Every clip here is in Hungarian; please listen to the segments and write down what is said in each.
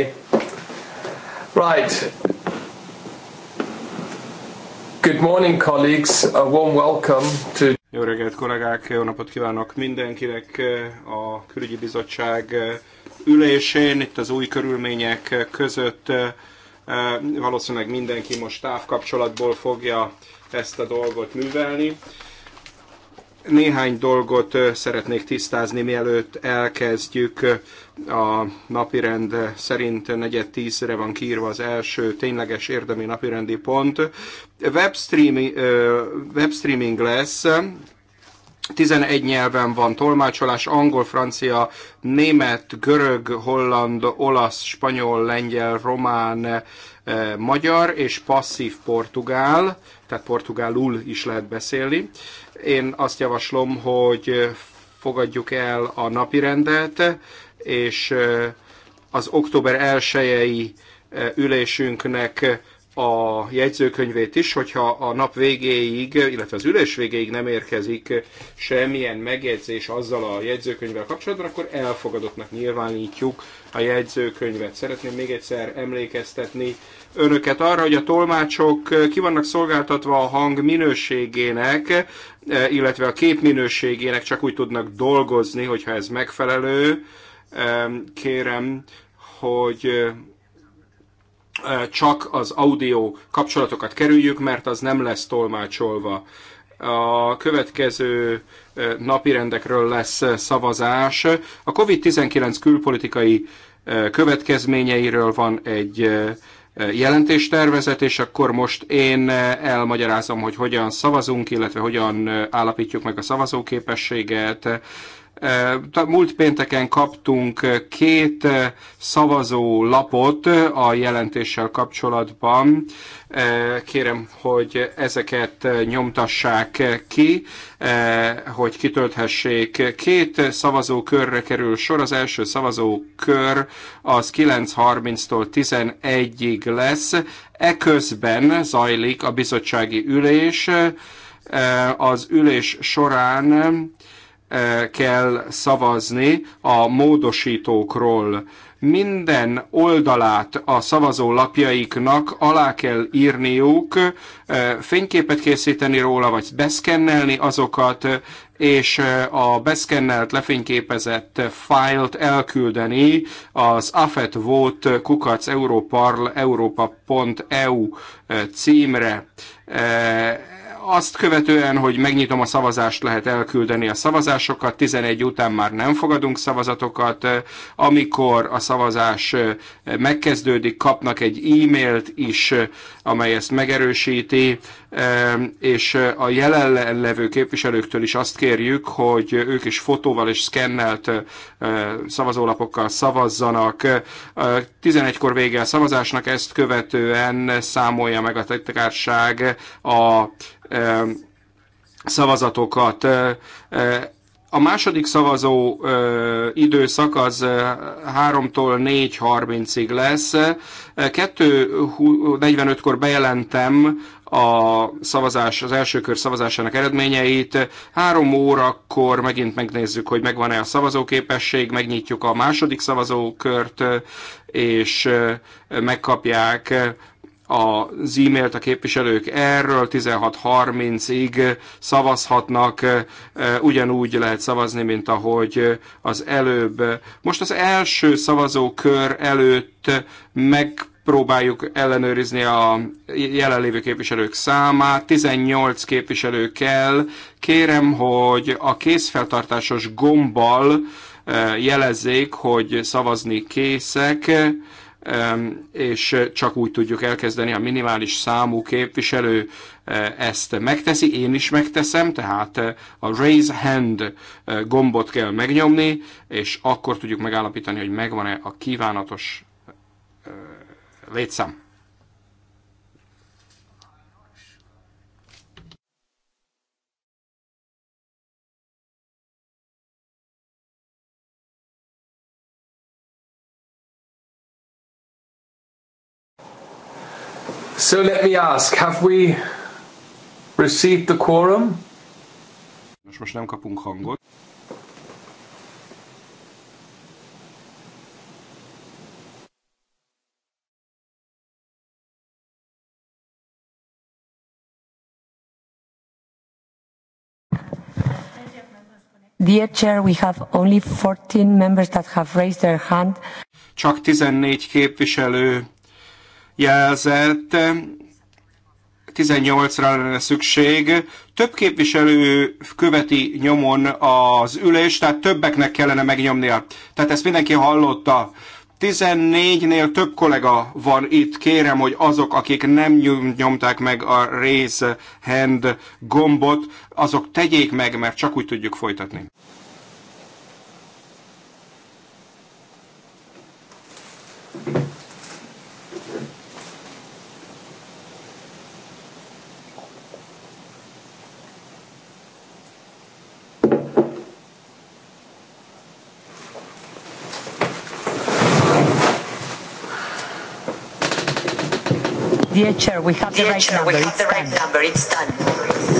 Okay. Right. Good morning, colleagues. A warm welcome to... Jó reggelt, kollégák! Jó napot kívánok mindenkinek eh, a külügyi bizottság eh, ülésén. Itt az új körülmények eh, között valószínűleg mindenki most távkapcsolatból fogja ezt a dolgot művelni. Néhány dolgot szeretnék tisztázni, mielőtt elkezdjük. A napirend szerint negyed tízre van kiírva az első tényleges érdemi napirendi pont. Webstreaming, webstreaming lesz, 11 nyelven van tolmácsolás, angol, francia, német, görög, holland, olasz, spanyol, lengyel, román, magyar és passzív portugál, tehát portugálul is lehet beszélni. Én azt javaslom, hogy fogadjuk el a napi rendet, és az október 1 ülésünknek a jegyzőkönyvét is, hogyha a nap végéig, illetve az ülés végéig nem érkezik semmilyen megjegyzés azzal a jegyzőkönyvvel kapcsolatban, akkor elfogadottnak nyilvánítjuk a jegyzőkönyvet. Szeretném még egyszer emlékeztetni önöket arra, hogy a tolmácsok eh, ki vannak szolgáltatva a hang minőségének, eh, illetve a kép minőségének csak úgy tudnak dolgozni, hogyha ez megfelelő. Kérem, hogy eh, csak az audio kapcsolatokat kerüljük, mert az nem lesz tolmácsolva. A következő napirendekről lesz szavazás. A COVID-19 külpolitikai következményeiről van egy jelentéstervezet, és akkor most én elmagyarázom, hogy hogyan szavazunk, illetve hogyan állapítjuk meg a szavazóképességet, Múlt pénteken kaptunk két szavazó lapot a jelentéssel kapcsolatban. Kérem, hogy ezeket nyomtassák ki, hogy kitölthessék. Két szavazókörre kerül sor. Az első szavazókör az 9.30-tól 11-ig lesz. Eközben zajlik a bizottsági ülés. Az ülés során kell szavazni a módosítókról. Minden oldalát a szavazó lapjaiknak alá kell írniuk, fényképet készíteni róla, vagy beszkennelni azokat, és a beszkennelt, lefényképezett fájlt elküldeni az afetvót kukac europarl, címre azt követően, hogy megnyitom a szavazást, lehet elküldeni a szavazásokat, 11 után már nem fogadunk szavazatokat, amikor a szavazás megkezdődik, kapnak egy e-mailt is, amely ezt megerősíti, és a jelenlevő képviselőktől is azt kérjük, hogy ők is fotóval és szkennelt szavazólapokkal szavazzanak. 11-kor vége a szavazásnak, ezt követően számolja meg a tettekárság a szavazatokat. A második szavazó ö, időszak az 3-tól 4.30-ig lesz. 2.45-kor bejelentem a szavazás, az első kör szavazásának eredményeit. Három órakor megint megnézzük, hogy megvan-e a szavazóképesség, megnyitjuk a második szavazókört, és megkapják az e-mailt a képviselők erről 16.30-ig szavazhatnak, ugyanúgy lehet szavazni, mint ahogy az előbb. Most az első szavazókör előtt meg próbáljuk ellenőrizni a jelenlévő képviselők számát, 18 képviselő kell. Kérem, hogy a készfeltartásos gombbal eh, jelezzék, hogy szavazni készek, és csak úgy tudjuk elkezdeni, a minimális számú képviselő eh, ezt megteszi, én is megteszem, tehát eh, a raise hand gombot kell megnyomni, és akkor tudjuk megállapítani, hogy megvan-e a kívánatos létszám. So let me ask, have we received the quorum? Most most nem kapunk hangot. Dear Chair, we have only 14 members that have raised their hand. Csak 14 képviselő jelzett, 18-ra lenne szükség. Több képviselő követi nyomon az ülést, tehát többeknek kellene megnyomnia. Tehát ezt mindenki hallotta. 14-nél több kollega van itt. Kérem, hogy azok, akik nem nyomták meg a raise hand gombot, azok tegyék meg, mert csak úgy tudjuk folytatni. Dear Chair, we have Dear the right chair, number. We have the right number. It's done.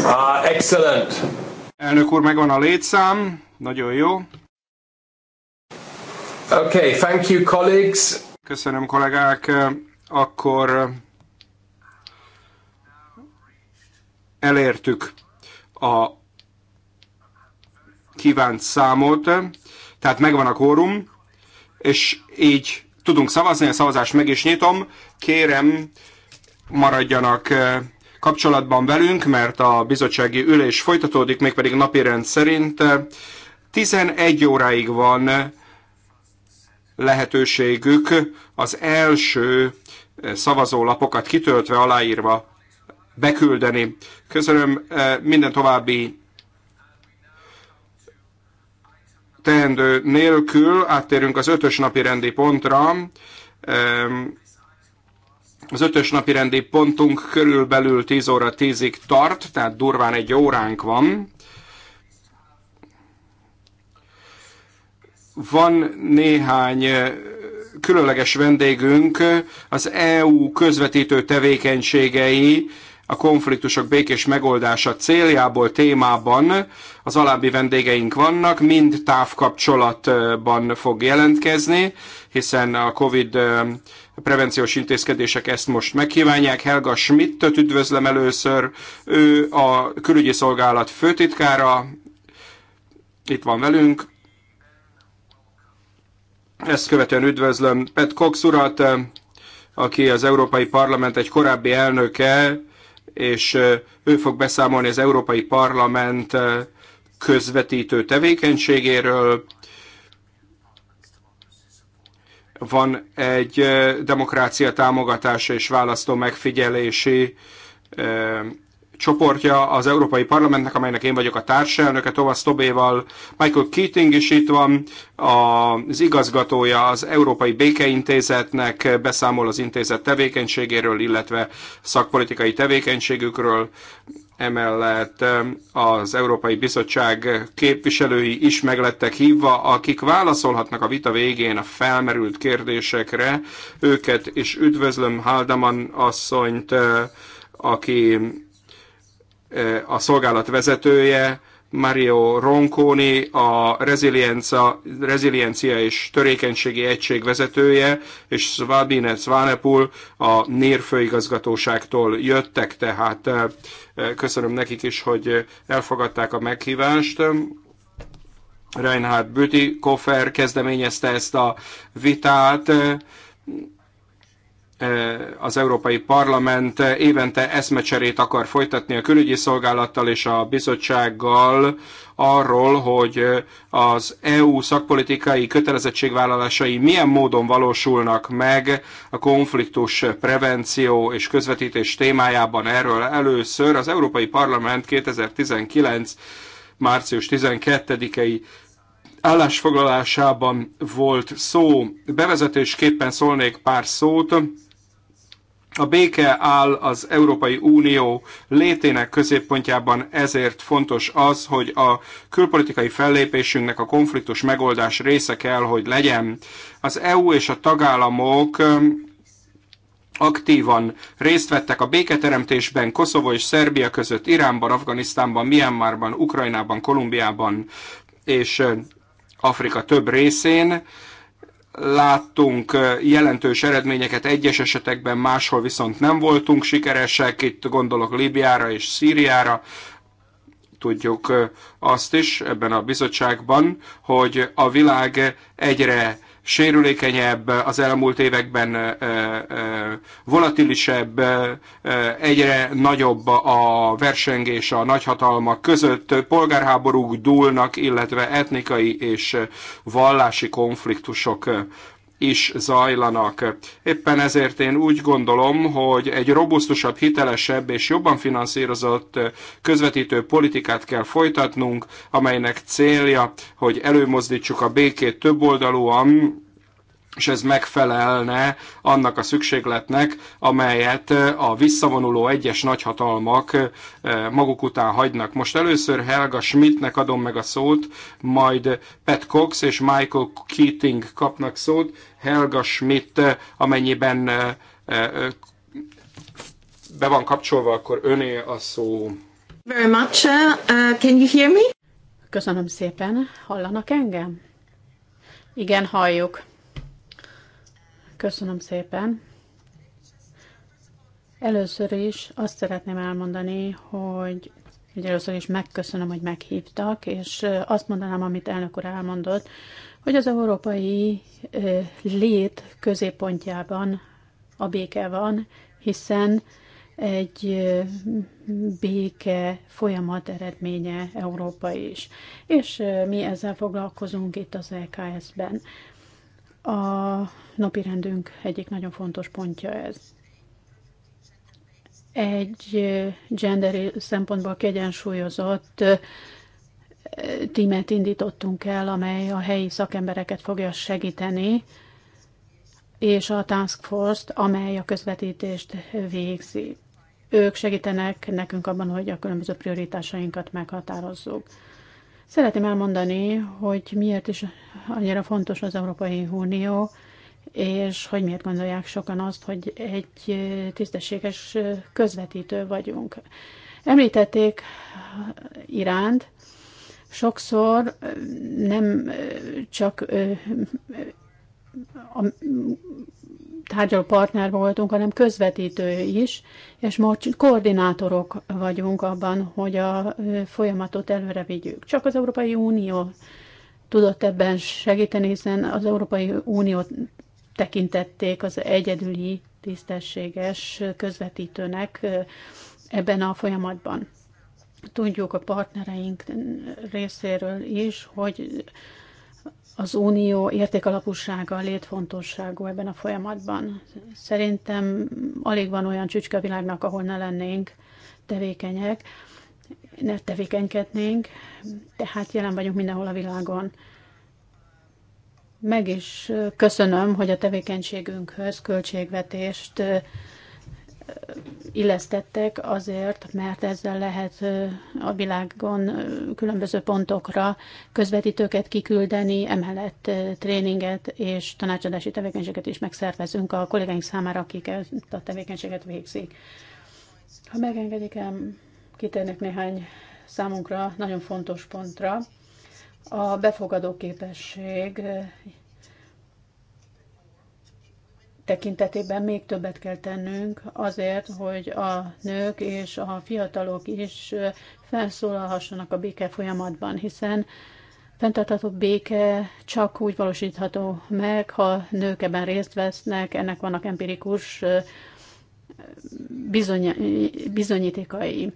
Ah, uh, excellent. Elnök úr, megvan a létszám. Nagyon jó. Okay, thank you, colleagues. Köszönöm, kollégák. Akkor eh, elértük a kívánt számot, tehát megvan a kórum, és így tudunk szavazni, a szavazást meg is nyitom. Kérem, maradjanak eh, kapcsolatban velünk, mert a bizottsági ülés folytatódik, mégpedig napirend szerint. 11 óráig van eh, lehetőségük az első eh, szavazólapokat kitöltve, aláírva beküldeni. Köszönöm minden további teendő nélkül áttérünk az ötös napi rendi pontra. Az ötös napi rendi pontunk körülbelül 10 óra 10-ig tart, tehát durván egy óránk van. Van néhány különleges vendégünk, az EU közvetítő tevékenységei, a konfliktusok békés megoldása céljából témában az alábbi vendégeink vannak, mind távkapcsolatban fog jelentkezni, hiszen a Covid prevenciós intézkedések ezt most megkívánják. Helga Schmidt-öt üdvözlöm először, ő a külügyi szolgálat főtitkára, itt van velünk. Ezt követően üdvözlöm Pet Cox urat, aki az Európai Parlament egy korábbi elnöke, és ő fog beszámolni az Európai Parlament közvetítő tevékenységéről, van egy demokrácia támogatása és választó megfigyelési csoportja az Európai Parlamentnek, amelynek én vagyok a társelnöke, Thomas Tobéval, Michael Keating is itt van, az igazgatója az Európai Békeintézetnek, beszámol az intézet tevékenységéről, illetve szakpolitikai tevékenységükről. Emellett az Európai Bizottság képviselői is meglettek hívva, akik válaszolhatnak a vita végén a felmerült kérdésekre. Őket és üdvözlöm Haldaman asszonyt, eh, aki eh, a szolgálat vezetője, Mario Ronconi, a Reziliencia, és Törékenységi Egység vezetője, és Svabine Svanepul a NIR főigazgatóságtól jöttek, tehát köszönöm nekik is, hogy elfogadták a meghívást. Reinhard Büti Koffer kezdeményezte ezt a vitát, Eh, az Európai Parlament évente eszmecserét akar folytatni a külügyi szolgálattal és a bizottsággal arról, hogy eh, az EU szakpolitikai kötelezettségvállalásai milyen módon valósulnak meg a konfliktus prevenció és közvetítés témájában erről először. Az Európai Parlament 2019. március 12-i állásfoglalásában volt szó. Bevezetésképpen szólnék pár szót a béke áll az Európai Unió létének középpontjában, ezért fontos az, hogy a külpolitikai fellépésünknek a konfliktus megoldás része kell, hogy legyen. Az EU és a tagállamok um, aktívan részt vettek a béketeremtésben Koszovó és Szerbia között, Iránban, Afganisztánban, Myanmarban, Ukrajnában, Kolumbiában és um, Afrika több részén láttunk jelentős eredményeket egyes esetekben, máshol viszont nem voltunk sikeresek, itt gondolok Líbiára és Szíriára, tudjuk azt is ebben a bizottságban, hogy a világ egyre sérülékenyebb, az elmúlt években volatilisebb, egyre nagyobb a versengés a nagyhatalmak között, polgárháborúk dúlnak, illetve etnikai és vallási konfliktusok is zajlanak. Éppen ezért én úgy gondolom, hogy egy robusztusabb, hitelesebb és jobban finanszírozott közvetítő politikát kell folytatnunk, amelynek célja, hogy előmozdítsuk a békét oldalúan és ez megfelelne annak a szükségletnek, amelyet a visszavonuló egyes nagyhatalmak maguk után hagynak. Most először Helga Schmidtnek adom meg a szót, majd Pat Cox és Michael Keating kapnak szót. Helga Schmidt, amennyiben be van kapcsolva, akkor öné a szó. Very much. Uh, uh, can you hear me? Köszönöm szépen. Hallanak engem? Igen, halljuk. Köszönöm szépen. Először is azt szeretném elmondani, hogy Ugye először is megköszönöm, hogy meghívtak, és azt mondanám, amit elnök úr elmondott, hogy az európai lét középpontjában a béke van, hiszen egy béke folyamat eredménye Európa is. És mi ezzel foglalkozunk itt az eks ben a napirendünk egyik nagyon fontos pontja ez. Egy gender szempontból kiegyensúlyozott eh, tímet indítottunk el, amely a helyi szakembereket fogja segíteni, és a Task Force-t, amely a közvetítést végzi. Ők segítenek nekünk abban, hogy a különböző prioritásainkat meghatározzuk. Szeretném elmondani, hogy miért is annyira fontos az Európai Unió, és hogy miért gondolják sokan azt, hogy egy tisztességes közvetítő vagyunk. Említették Iránt, sokszor nem csak a tárgyaló partner voltunk, hanem közvetítő is, és most koordinátorok vagyunk abban, hogy a folyamatot előre vigyük. Csak az Európai Unió tudott ebben segíteni, hiszen az Európai Uniót tekintették az egyedüli tisztességes közvetítőnek ebben a folyamatban. Tudjuk a partnereink részéről is, hogy az unió értékalapúsága, létfontosságú ebben a folyamatban. Szerintem alig van olyan csücske a világnak, ahol ne lennénk tevékenyek, ne tevékenykednénk, tehát jelen vagyunk mindenhol a világon. Meg is köszönöm, hogy a tevékenységünkhöz költségvetést illesztettek azért, mert ezzel lehet a világon különböző pontokra közvetítőket kiküldeni, emellett tréninget és tanácsadási tevékenységet is megszervezünk a kollégáink számára, akik ezt a tevékenységet végzik. Ha megengedik, el, kitérnek néhány számunkra nagyon fontos pontra. A befogadó képesség tekintetében még többet kell tennünk azért, hogy a nők és a fiatalok is felszólalhassanak a béke folyamatban, hiszen fenntartható béke csak úgy valósítható meg, ha nők ebben részt vesznek, ennek vannak empirikus bizony, bizonyítékai.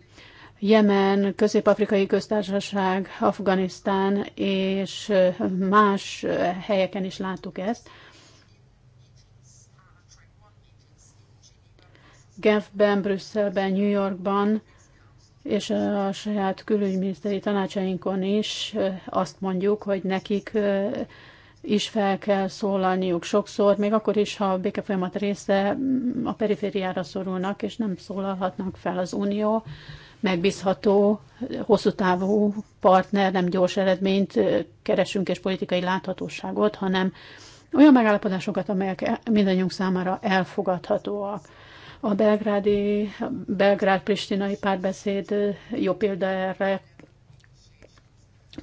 Jemen, Közép-Afrikai Köztársaság, Afganisztán és más helyeken is láttuk ezt. Genfben, Brüsszelben, New Yorkban és a saját külügyminiszteri tanácsainkon is azt mondjuk, hogy nekik is fel kell szólalniuk sokszor, még akkor is, ha a békefolyamat része mm, a perifériára szorulnak, és nem szólalhatnak fel az Unió, megbízható, hosszú távú partner, nem gyors eredményt keresünk és politikai láthatóságot, hanem olyan megállapodásokat, amelyek e- mindannyiunk számára elfogadhatóak. A belgrádi, belgrád-pristinai párbeszéd jó példa erre.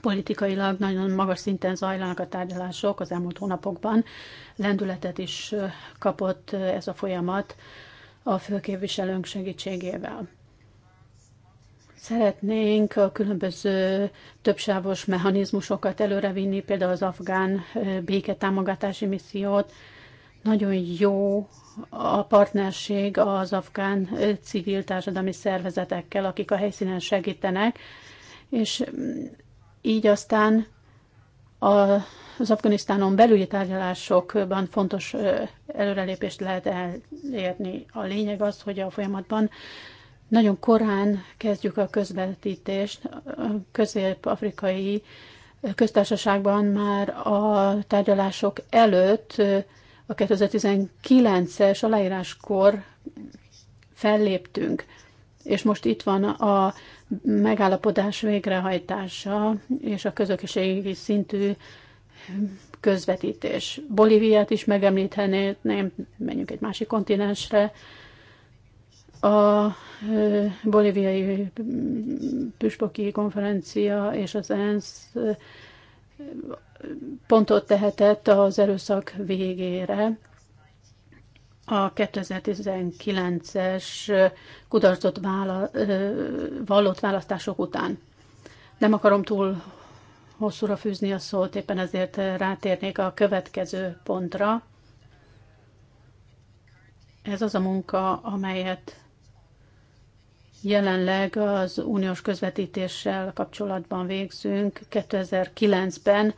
Politikailag nagyon magas szinten zajlanak a tárgyalások az elmúlt hónapokban. Lendületet is kapott ez a folyamat a főképviselőnk segítségével. Szeretnénk a különböző többsávos mechanizmusokat előrevinni, például az afgán béketámogatási missziót, nagyon jó a partnerség az afgán civil társadalmi szervezetekkel, akik a helyszínen segítenek, és mm, így aztán az Afganisztánon belüli tárgyalásokban fontos előrelépést lehet elérni. A lényeg az, hogy a folyamatban nagyon korán kezdjük a közvetítést. A közép-afrikai köztársaságban már a tárgyalások előtt a 2019-es aláíráskor felléptünk, és most itt van a megállapodás végrehajtása és a közökségi szintű közvetítés. Bolíviát is megemlíthetném, menjünk egy másik kontinensre. A bolíviai püspoki konferencia és az ENSZ pontot tehetett az erőszak végére. A 2019-es kudarcot vála, vallott választások után. Nem akarom túl hosszúra fűzni a szót, éppen ezért rátérnék a következő pontra. Ez az a munka, amelyet jelenleg az uniós közvetítéssel kapcsolatban végzünk. 2009-ben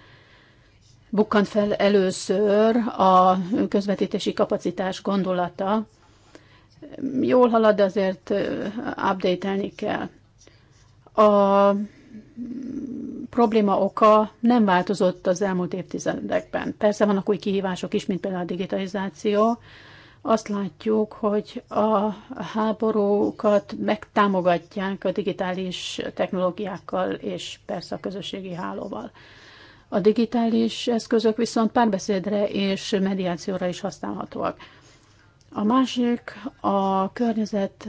bukkant fel először a közvetítési kapacitás gondolata. Jól halad, de azért updatelni kell. A probléma oka nem változott az elmúlt évtizedekben. Persze vannak új kihívások is, mint például a digitalizáció, azt látjuk, hogy a háborúkat megtámogatják a digitális technológiákkal és persze a közösségi hálóval. A digitális eszközök viszont párbeszédre és mediációra is használhatóak. A másik a környezet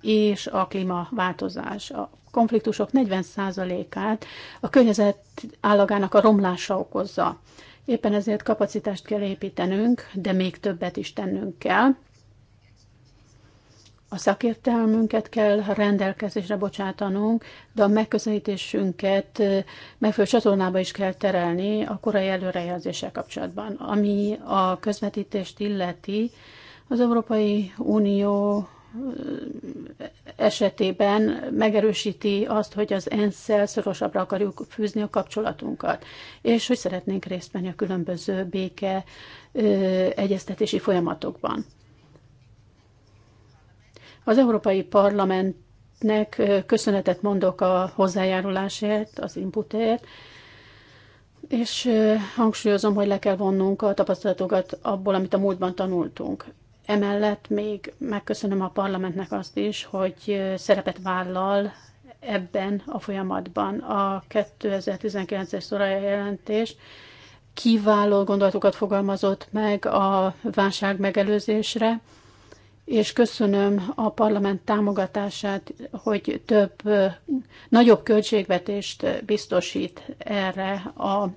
és a klímaváltozás. A konfliktusok 40%-át a környezet állagának a romlása okozza. Éppen ezért kapacitást kell építenünk, de még többet is tennünk kell. A szakértelmünket kell rendelkezésre bocsátanunk, de a megközelítésünket megfelelő csatornába is kell terelni a korai előrejelzéssel kapcsolatban. Ami a közvetítést illeti, az Európai Unió esetében megerősíti azt, hogy az ENSZ-szel szorosabbra akarjuk fűzni a kapcsolatunkat, és hogy szeretnénk részt venni a különböző béke egyeztetési folyamatokban. Az Európai Parlamentnek köszönetet mondok a hozzájárulásért, az inputért, és hangsúlyozom, hogy le kell vonnunk a tapasztalatokat abból, amit a múltban tanultunk. Emellett még megköszönöm a parlamentnek azt is, hogy szerepet vállal ebben a folyamatban. A 2019-es szorája jelentés kiváló gondolatokat fogalmazott meg a válság megelőzésre, és köszönöm a parlament támogatását, hogy több, nagyobb költségvetést biztosít erre a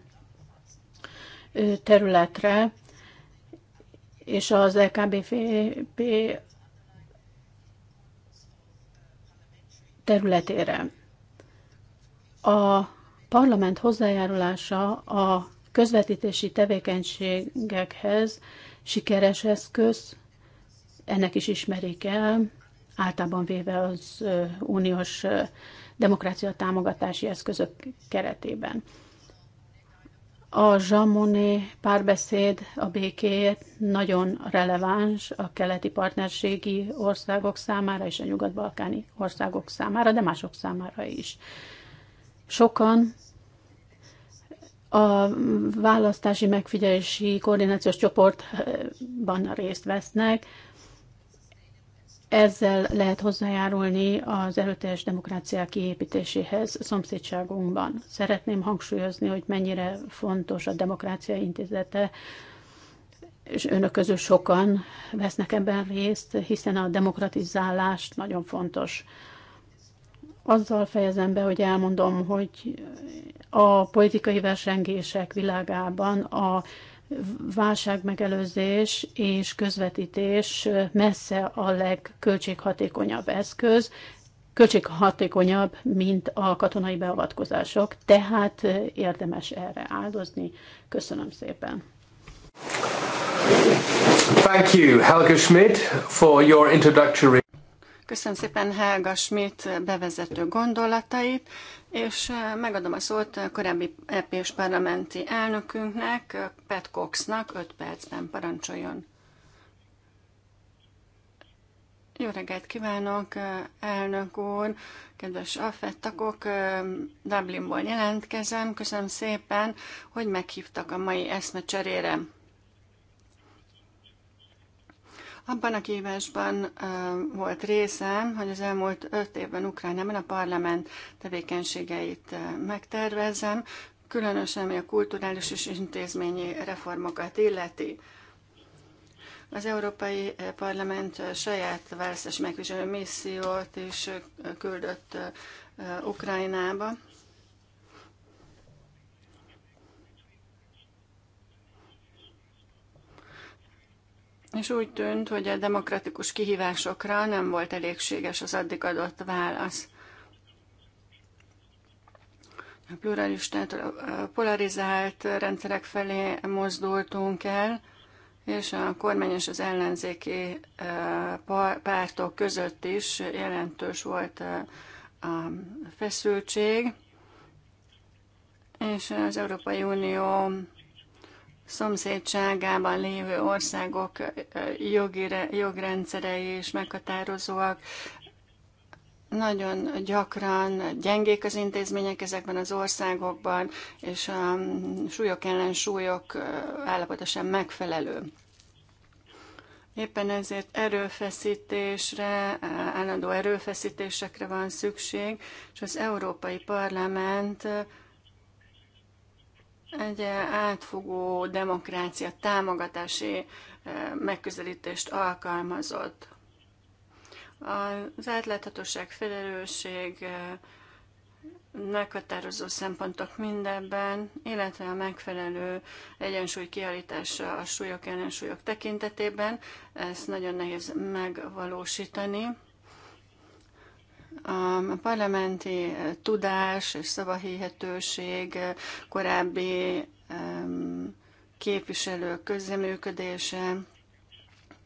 területre és az LKBP területére. A parlament hozzájárulása a közvetítési tevékenységekhez sikeres eszköz, ennek is ismerik el, általában véve az uniós demokrácia támogatási eszközök keretében. A Zsamoni párbeszéd a békéért nagyon releváns a keleti partnerségi országok számára és a nyugat-balkáni országok számára, de mások számára is. Sokan a választási megfigyelési koordinációs csoportban részt vesznek, ezzel lehet hozzájárulni az erőteljes demokrácia kiépítéséhez szomszédságunkban. Szeretném hangsúlyozni, hogy mennyire fontos a demokrácia intézete, és önök közül sokan vesznek ebben részt, hiszen a demokratizálás nagyon fontos. Azzal fejezem be, hogy elmondom, hogy a politikai versengések világában a válságmegelőzés és közvetítés messze a legköltséghatékonyabb eszköz, költséghatékonyabb, mint a katonai beavatkozások, tehát érdemes erre áldozni. Köszönöm szépen. Thank you, Helga Schmidt, for your introductory Köszönöm szépen Helga Schmidt bevezető gondolatait, és eh, megadom a szót a korábbi ep parlamenti elnökünknek, Pat Coxnak, 5 percben parancsoljon. Jó reggelt kívánok, elnök úr, kedves affettakok, Dublinból jelentkezem. Köszönöm szépen, hogy meghívtak a mai eszmecserére. Abban a kívásban volt részem, hogy az elmúlt öt évben Ukrajnában a parlament tevékenységeit megtervezem, különösen ami a kulturális és intézményi reformokat illeti. Az Európai Parlament saját választás megvizsgáló missziót is küldött Ukrajnába, és úgy tűnt, hogy a demokratikus kihívásokra nem volt elégséges az addig adott válasz. A pluralistától polarizált rendszerek felé mozdultunk el, és a kormány és az ellenzéki pártok között is jelentős volt a feszültség, és az Európai Unió szomszédságában lévő országok jogi jogrendszerei is meghatározóak. Nagyon gyakran gyengék az intézmények ezekben az országokban, és a mm, súlyok ellen súlyok állapota sem megfelelő. Éppen ezért erőfeszítésre, állandó erőfeszítésekre van szükség, és az Európai Parlament egy átfogó demokrácia támogatási eh, megközelítést alkalmazott. Az átláthatóság, felelősség, eh, meghatározó szempontok mindenben illetve a megfelelő egyensúly kiállítása a súlyok ellensúlyok tekintetében. Ezt nagyon nehéz megvalósítani a parlamenti eh, tudás és szavahihetőség eh, korábbi képviselők közreműködése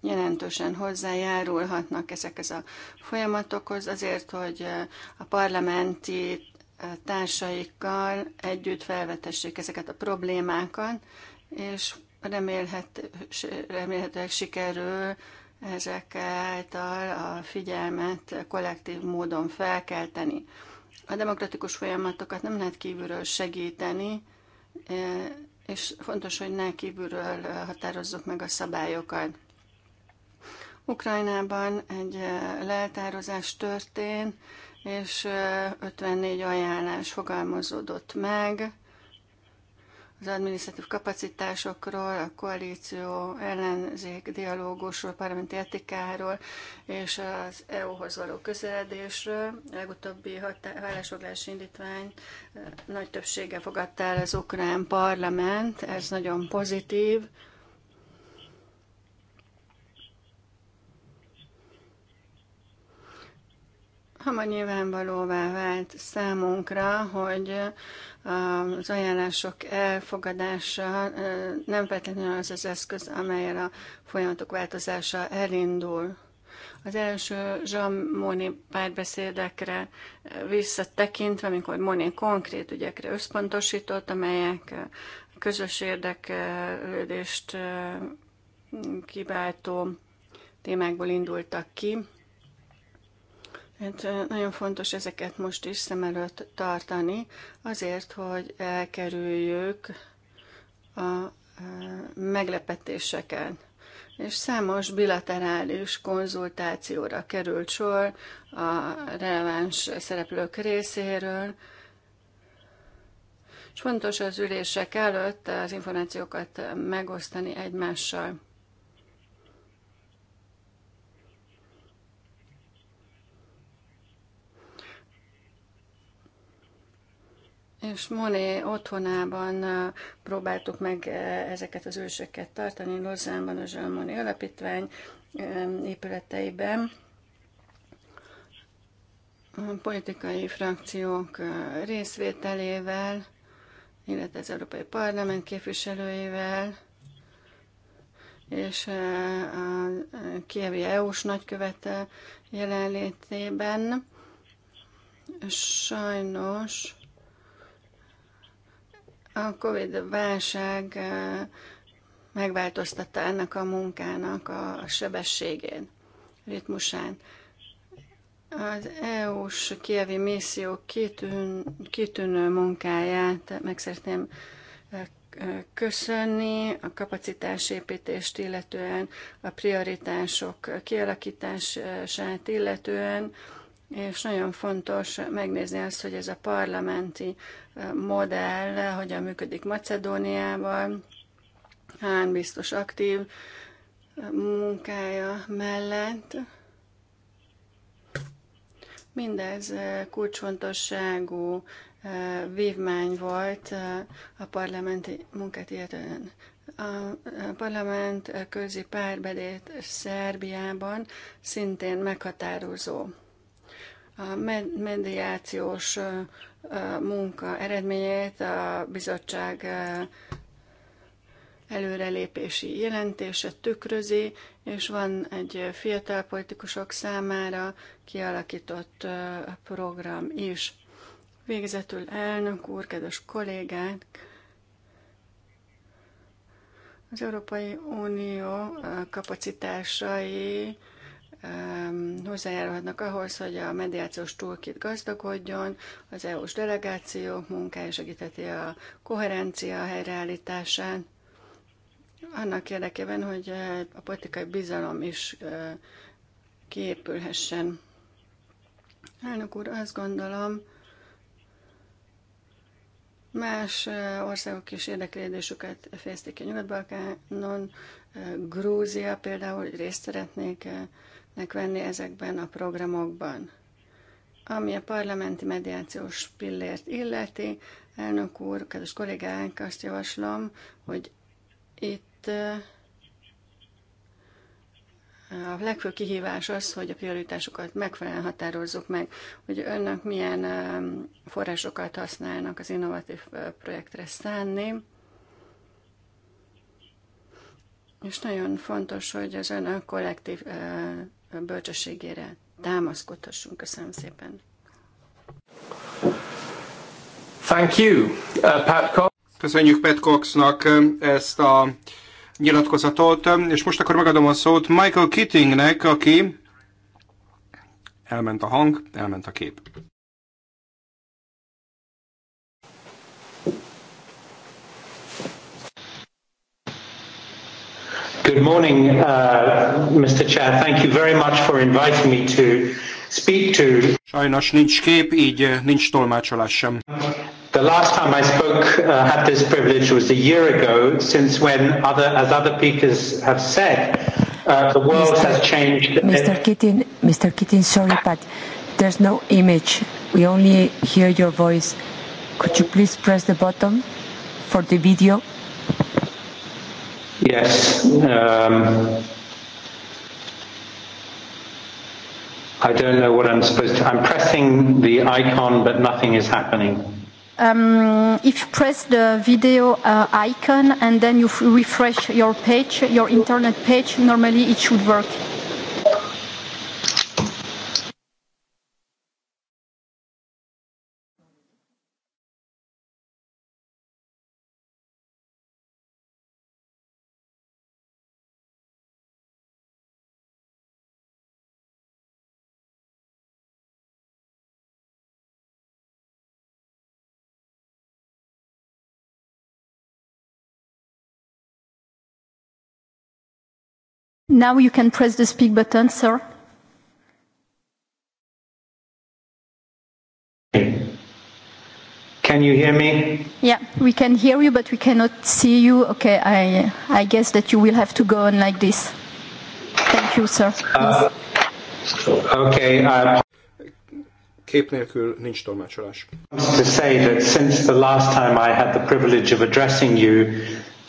jelentősen hozzájárulhatnak ezekhez a folyamatokhoz, azért, hogy eh, a parlamenti társaikkal együtt felvetessék ezeket a problémákat, és remélhet, remélhetőleg sikerül ezek által a figyelmet kollektív módon felkelteni. A demokratikus folyamatokat nem lehet kívülről segíteni, e, és fontos, hogy ne kívülről határozzuk meg a szabályokat. Ukrajnában egy e, leltározás történt, és 54 e, ajánlás fogalmazódott meg, az adminisztratív kapacitásokról, a koalíció ellenzék dialógusról, parlamenti etikáról és az EU-hoz való közeledésről. A legutóbbi hálásoglási indítvány eh, nagy többsége fogadta el az ukrán parlament, ez nagyon pozitív. hamar nyilvánvalóvá vált számunkra, hogy az ajánlások elfogadása nem feltétlenül az az eszköz, amelyen a folyamatok változása elindul. Az első Zsammoni párbeszédekre visszatekintve, amikor Moni konkrét ügyekre összpontosított, amelyek közös érdeklődést kiváltó témákból indultak ki, mert hát, nagyon fontos ezeket most is szem előtt tartani, azért, hogy elkerüljük a meglepetéseket. És számos bilaterális konzultációra került sor a releváns szereplők részéről, és fontos az ülések előtt az információkat megosztani egymással. És Moné otthonában próbáltuk meg ezeket az őseket tartani, Lozánban a Jean Moné Alapítvány épületeiben. A politikai frakciók részvételével, illetve az Európai Parlament képviselőivel, és a kievi EU-s nagykövete jelenlétében. Sajnos a COVID-válság megváltoztatta ennek a munkának a sebességén, ritmusán. Az EU-s kievi misszió kitűn, kitűnő munkáját meg szeretném köszönni a kapacitásépítést illetően, a prioritások kialakítását illetően, és nagyon fontos megnézni azt, hogy ez a parlamenti modell eh, hogyan működik Macedóniában, hány biztos aktív eh, munkája mellett. Mindez eh, kulcsfontosságú vívmány volt a parlamenti munkát illetően. A parlament közi párbedét Szerbiában szintén meghatározó. A mediációs munka eredményét a bizottság előrelépési jelentése tükrözi, és van egy fiatal politikusok számára kialakított program is. Végezetül elnök úr, kedves kollégák, az Európai Unió kapacitásai hozzájárulhatnak ahhoz, hogy a mediációs túlkit gazdagodjon, az EU-s delegáció munkája segítheti a koherencia helyreállításán, annak érdekében, hogy eh, a politikai bizalom is eh, kiépülhessen. Elnök úr, azt gondolom, más eh, országok is érdeklődésüket fejezték ki Nyugat-Balkánon, Grúzia például részt szeretnék nek venni ezekben a programokban. Ami a parlamenti mediációs pillért illeti, elnök úr, kedves kollégánk, azt javaslom, hogy itt a legfőbb kihívás az, hogy a prioritásokat megfelelően határozzuk meg, hogy önök milyen forrásokat használnak az innovatív projektre szánni. És nagyon fontos, hogy az önök kollektív bölcsességére támaszkodhassunk. Köszönöm szépen. Thank you, uh, Pat Cox. Köszönjük Pat Coxnak um, ezt a nyilatkozatot, um, és most akkor megadom a szót Michael Kittingnek, aki elment a hang, elment a kép. Good morning, uh, Mr. Chair. Thank you very much for inviting me to speak to. Sajnos nincs kép, így uh, nincs tolmácsolás sem. The last time I spoke, uh, had this privilege was a year ago, since when other, as other speakers have said, uh, the world Mr. has changed. Mr. Keating, Mr. Keating, sorry, but there's no image. We only hear your voice. Could you please press the button for the video? Yes. Um, I don't know what I'm supposed to. I'm pressing the icon, but nothing is happening. Um, if you press the video uh, icon and then you f- refresh your page, your internet page, normally it should work. Now you can press the speak button, sir. Can you hear me? Yeah, we can hear you, but we cannot see you. Okay, I, I guess that you will have to go on like this. Thank you, sir. Uh, okay. Uh, Kép nélkül nincs tolmácsolás. To say that since the last time I had the privilege of addressing you,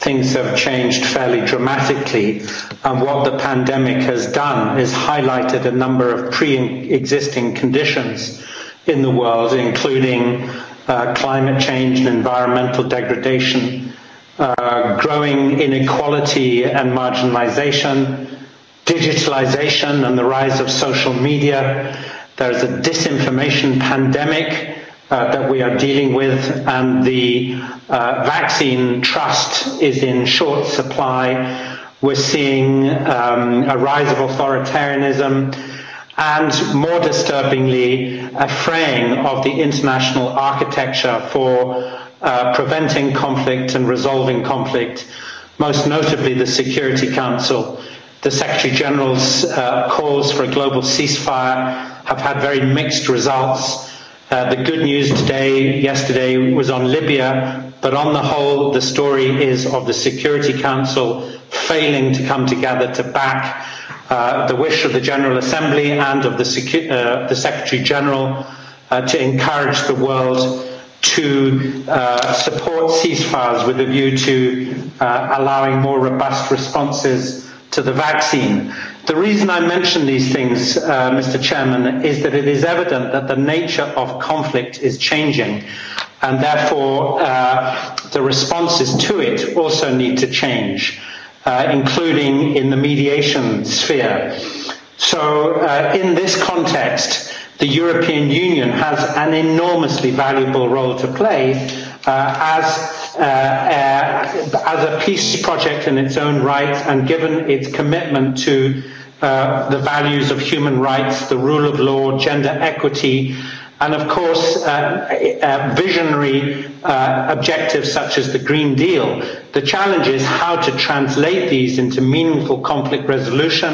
things have changed fairly dramatically. And what the pandemic has done is highlighted a number of pre-existing conditions in the world, including uh, climate change and environmental degradation, uh, growing inequality and marginalization, digitalization and the rise of social media. There is a disinformation pandemic Uh, that we are dealing with, and the uh, vaccine trust is in short supply. We're seeing um, a rise of authoritarianism and, more disturbingly, a fraying of the international architecture for uh, preventing conflict and resolving conflict, most notably the Security Council. The Secretary General's uh, calls for a global ceasefire have had very mixed results Uh, the good news today, yesterday, was on Libya, but on the whole, the story is of the Security Council failing to come together to back uh, the wish of the General Assembly and of the, Secu- uh, the Secretary General uh, to encourage the world to uh, support ceasefires with a view to uh, allowing more robust responses to the vaccine. The reason I mention these things, uh, Mr. Chairman, is that it is evident that the nature of conflict is changing, and therefore uh, the responses to it also need to change, uh, including in the mediation sphere. So, uh, in this context, the European Union has an enormously valuable role to play Uh, as, uh, uh, as a peace project in its own right and given its commitment to the values of human rights, the rule of law, gender equity, and of course uh, visionary uh, objectives such as the Green Deal. The challenge is how to translate these into meaningful conflict resolution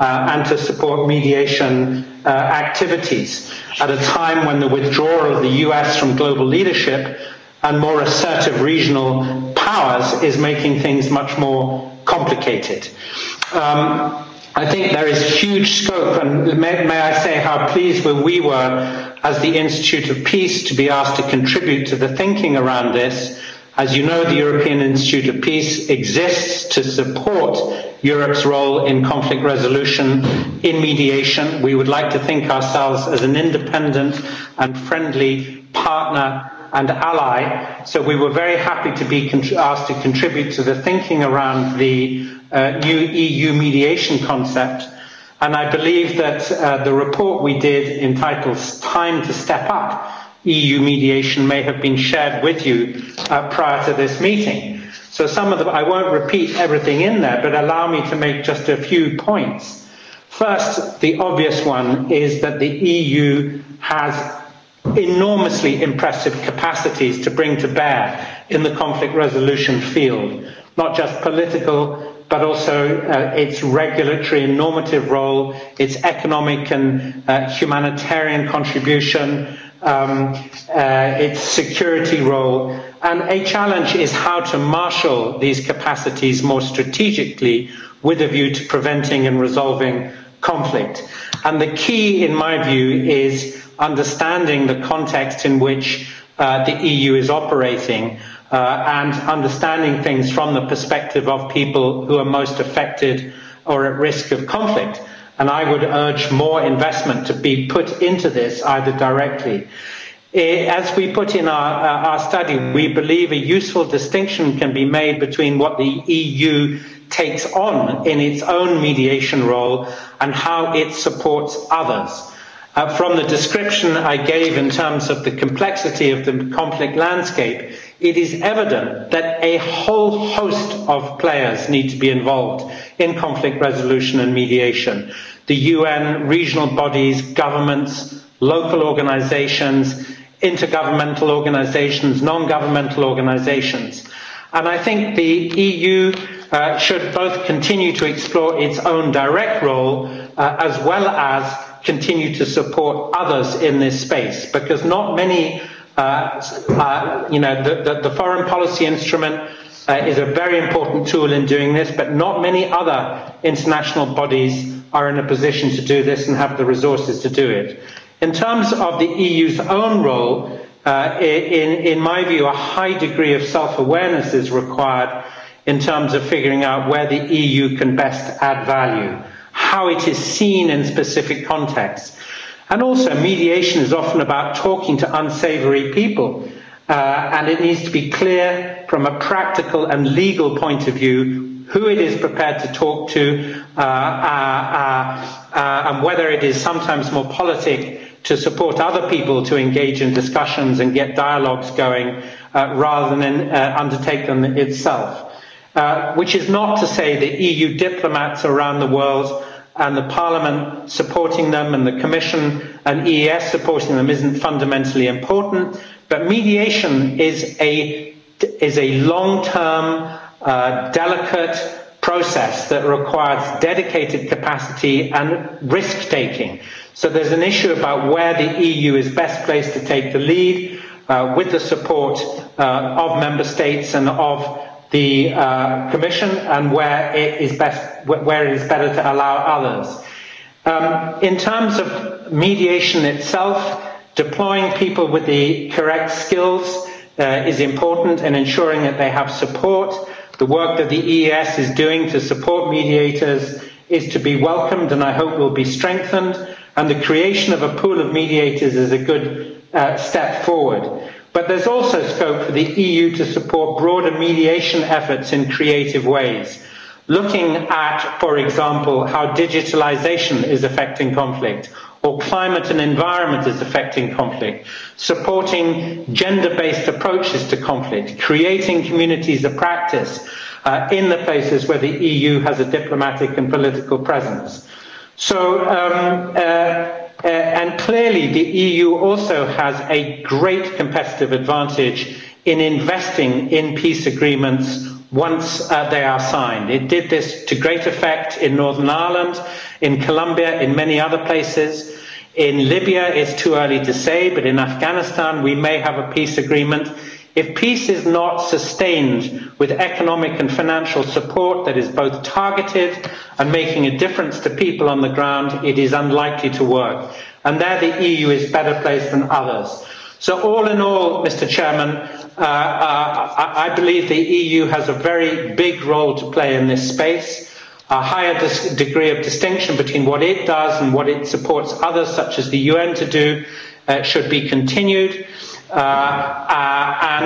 uh, and to support mediation uh, activities at a time when the withdrawal of the US from global leadership and more assertive regional powers is making things much more complicated. Um, I think there is huge scope, and may, may I say how pleased we were as the Institute of Peace to be asked to contribute to the thinking around this. As you know, the European Institute of Peace exists to support Europe's role in conflict resolution, in mediation. We would like to think ourselves as an independent and friendly partner and ally. So we were very happy to be asked to contribute to the thinking around the uh, new EU mediation concept. And I believe that uh, the report we did entitled Time to Step Up EU mediation may have been shared with you uh, prior to this meeting. So some of them, I won't repeat everything in there, but allow me to make just a few points. First, the obvious one is that the EU has enormously impressive capacities to bring to bear in the conflict resolution field, not just political, but also uh, its regulatory and normative role, its economic and uh, humanitarian contribution, um, uh, its security role. And a challenge is how to marshal these capacities more strategically with a view to preventing and resolving conflict. And the key, in my view, is understanding the context in which uh, the EU is operating uh, and understanding things from the perspective of people who are most affected or at risk of conflict. And I would urge more investment to be put into this either directly. As we put in our, uh, our study, we believe a useful distinction can be made between what the EU takes on in its own mediation role and how it supports others uh, from the description I gave in terms of the complexity of the conflict landscape, it is evident that a whole host of players need to be involved in conflict resolution and mediation. The UN, regional bodies, governments, local organizations, intergovernmental organizations, non-governmental organizations. And I think the EU uh, should both continue to explore its own direct role uh, as well as continue to support others in this space because not many, uh, uh, you know, the, the, the foreign policy instrument uh, is a very important tool in doing this, but not many other international bodies are in a position to do this and have the resources to do it. In terms of the EU's own role, uh, in, in my view, a high degree of self-awareness is required in terms of figuring out where the EU can best add value how it is seen in specific contexts. And also, mediation is often about talking to unsavory people, uh, and it needs to be clear from a practical and legal point of view who it is prepared to talk to, uh, uh, uh, uh, and whether it is sometimes more politic to support other people to engage in discussions and get dialogues going uh, rather than uh, undertake them itself. Uh, which is not to say that EU diplomats around the world and the Parliament supporting them and the Commission and EES supporting them isn't fundamentally important. But mediation is a is a long-term, uh, delicate process that requires dedicated capacity and risk-taking. So there's an issue about where the EU is best placed to take the lead uh, with the support uh, of member states and of the uh, Commission and where it is best, where it is better to allow others. Um, in terms of mediation itself, deploying people with the correct skills uh, is important and ensuring that they have support. The work that the EES is doing to support mediators is to be welcomed and I hope will be strengthened. And the creation of a pool of mediators is a good uh, step forward. But there's also scope for the EU to support broader mediation efforts in creative ways, looking at, for example, how digitalization is affecting conflict or climate and environment is affecting conflict, supporting gender-based approaches to conflict, creating communities of practice uh, in the places where the EU has a diplomatic and political presence. So um, uh, Uh, and clearly, the EU also has a great competitive advantage in investing in peace agreements once uh, they are signed. It did this to great effect in Northern Ireland, in Colombia, in many other places. In Libya, it's too early to say, but in Afghanistan, we may have a peace agreement If peace is not sustained with economic and financial support that is both targeted and making a difference to people on the ground, it is unlikely to work. And there the EU is better placed than others. So all in all, Mr. Chairman, uh, uh, I, believe the EU has a very big role to play in this space. A higher dis- degree of distinction between what it does and what it supports others, such as the UN, to do uh, should be continued. Uh, Uh, uh,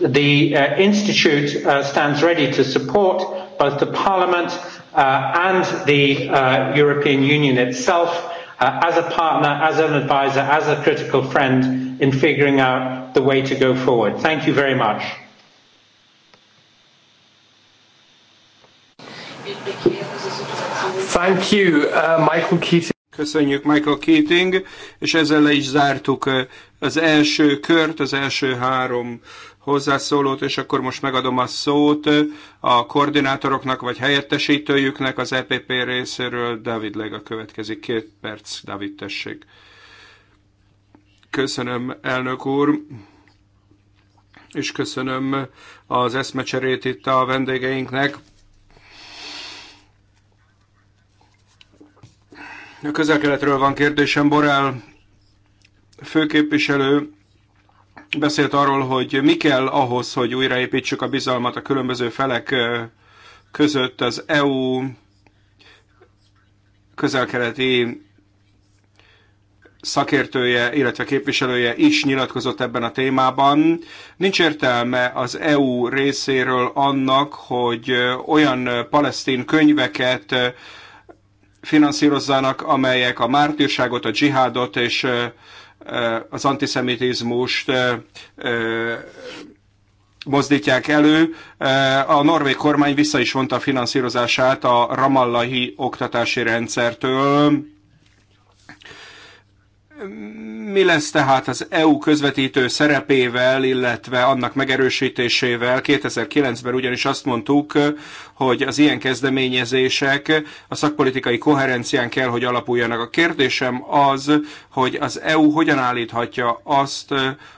and the uh, Institute uh, stands ready to support both the Parliament uh, and the uh, European Union itself uh, as a partner, as an advisor, as a critical friend in figuring out the way to go forward. Thank you very much. Thank you, uh, Michael Keating. Köszönjük Michael Keating, és ezzel le is zártuk az első kört, az első három hozzászólót, és akkor most megadom a szót a koordinátoroknak, vagy helyettesítőjüknek az EPP részéről. David a következik, két perc, David tessék. Köszönöm, elnök úr, és köszönöm az eszmecserét itt a vendégeinknek. A közelkeletről van kérdésem, Borel főképviselő beszélt arról, hogy mi kell ahhoz, hogy újraépítsük a bizalmat a különböző felek között az EU közelkeleti szakértője, illetve képviselője is nyilatkozott ebben a témában. Nincs értelme az EU részéről annak, hogy olyan palesztin könyveket finanszírozzanak, amelyek a mártírságot, a dzsihádot és az antiszemitizmust mozdítják elő. A norvég kormány vissza is vonta a finanszírozását a ramallahi oktatási rendszertől, mi lesz tehát az EU közvetítő szerepével, illetve annak megerősítésével? 2009-ben ugyanis azt mondtuk, hogy az ilyen kezdeményezések a szakpolitikai koherencián kell, hogy alapuljanak. A kérdésem az, hogy az EU hogyan állíthatja azt,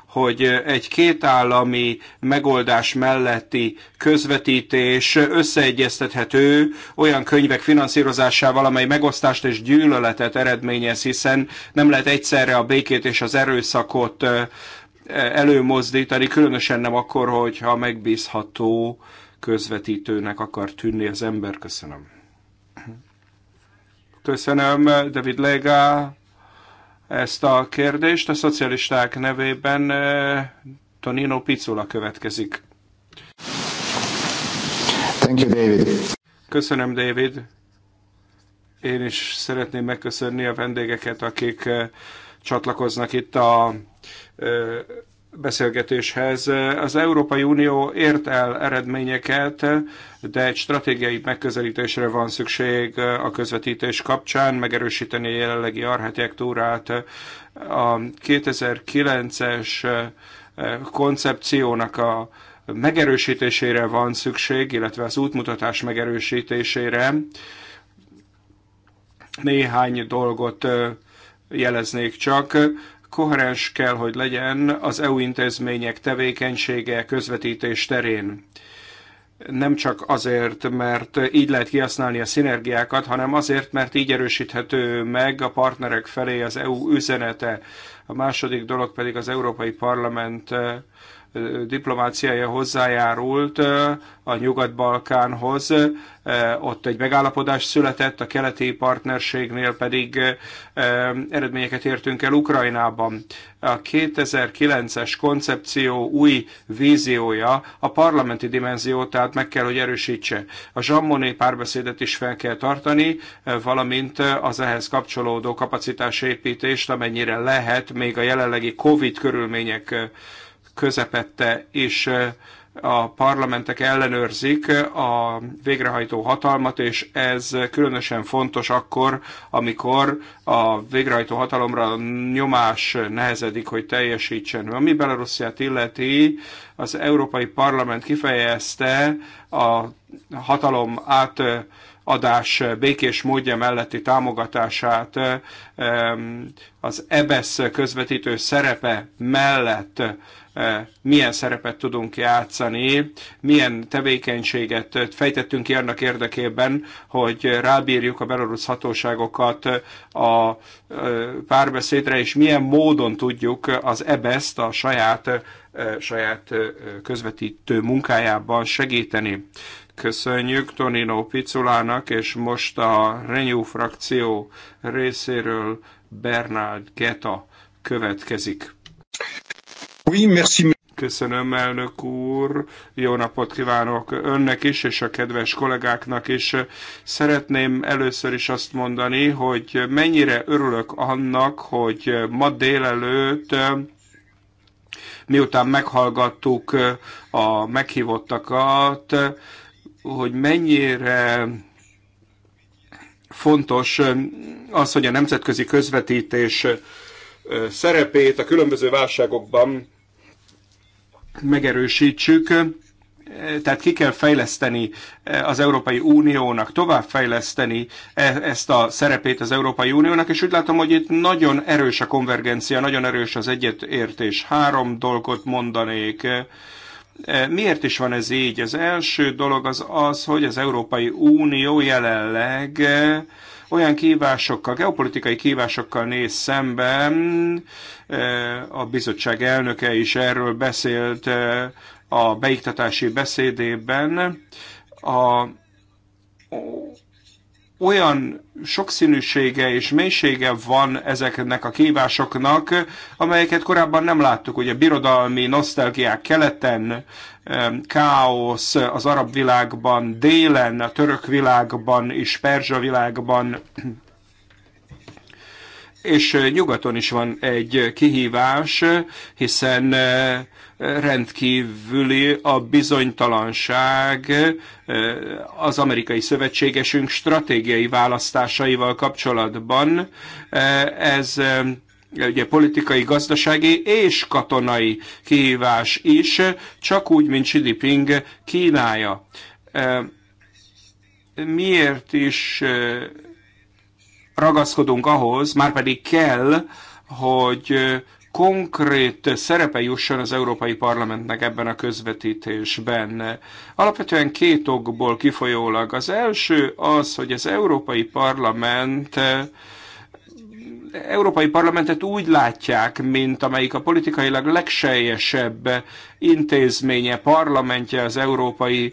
hogy egy kétállami megoldás melletti közvetítés összeegyeztethető olyan könyvek finanszírozásával, amely megosztást és gyűlöletet eredményez, hiszen nem lehet egyszerre a békét és az erőszakot előmozdítani, különösen nem akkor, hogyha megbízható közvetítőnek akar tűnni az ember. Köszönöm. Köszönöm, David Lega ezt a kérdést. A szocialisták nevében eh, Tonino Picula következik. Thank you, David. Köszönöm, David. Én is szeretném megköszönni a vendégeket, akik eh, csatlakoznak itt a eh, beszélgetéshez. Az Európai Unió ért el eredményeket, de egy stratégiai megközelítésre van szükség a közvetítés kapcsán, megerősíteni a jelenlegi architektúrát. A 2009-es koncepciónak a megerősítésére van szükség, illetve az útmutatás megerősítésére. Néhány dolgot jeleznék csak koherens kell, hogy legyen az EU intézmények tevékenysége közvetítés terén. Nem csak azért, mert így lehet kihasználni a szinergiákat, hanem azért, mert így erősíthető meg a partnerek felé az EU üzenete. A második dolog pedig az Európai Parlament diplomáciája hozzájárult a Nyugat-Balkánhoz. Ott egy megállapodás született, a keleti partnerségnél pedig eredményeket értünk el Ukrajnában. A 2009-es koncepció új víziója a parlamenti dimenziót, tehát meg kell, hogy erősítse. A Zsammoné párbeszédet is fel kell tartani, valamint az ehhez kapcsolódó kapacitásépítést, amennyire lehet, még a jelenlegi COVID körülmények közepette és a parlamentek ellenőrzik a végrehajtó hatalmat, és ez különösen fontos akkor, amikor a végrehajtó hatalomra nyomás nehezedik, hogy teljesítsen. Ami Belarusziát illeti, az Európai Parlament kifejezte a hatalom át adás békés módja melletti támogatását az EBESZ közvetítő szerepe mellett Eh, milyen szerepet tudunk játszani, milyen tevékenységet eh, fejtettünk ki annak érdekében, hogy rábírjuk a belorusz hatóságokat eh, a párbeszédre, és milyen módon tudjuk az EBESZ-t a saját, saját közvetítő munkájában segíteni. Köszönjük Tonino Piculának, és most a Renew frakció részéről Bernard Geta következik. Oui, merci. Köszönöm, elnök úr. Jó napot kívánok önnek is, és a kedves kollégáknak is. Szeretném először is azt mondani, hogy mennyire örülök annak, hogy ma délelőtt miután meghallgattuk a meghívottakat, hogy mennyire fontos az, hogy a nemzetközi közvetítés szerepét a különböző válságokban megerősítsük, tehát ki kell fejleszteni eh, az Európai Uniónak, továbbfejleszteni eh, ezt a szerepét az Európai Uniónak, és úgy látom, hogy itt nagyon erős a konvergencia, nagyon erős az egyetértés. Három dolgot mondanék. Eh, miért is van ez így? Az első dolog az az, hogy az Európai Unió jelenleg olyan kívásokkal, geopolitikai kívásokkal néz szemben, eh, a bizottság elnöke is erről beszélt eh, a beiktatási beszédében, a olyan sokszínűsége és mélysége van ezeknek a kívásoknak, amelyeket korábban nem láttuk. Ugye birodalmi nosztalgiák keleten, káosz az arab világban, délen, a török világban és perzsa világban, és nyugaton is van egy kihívás, hiszen rendkívüli a bizonytalanság az amerikai szövetségesünk stratégiai választásaival kapcsolatban. Ez ugye politikai, gazdasági és katonai kihívás is, csak úgy, mint Xi Jinping Kínája. Miért is ragaszkodunk ahhoz, már pedig kell, hogy konkrét szerepe jusson az Európai Parlamentnek ebben a közvetítésben. Alapvetően két okból kifolyólag. Az első az, hogy az Európai Parlament Európai Parlamentet úgy látják, mint amelyik a politikailag legsejesebb intézménye, parlamentje az Európai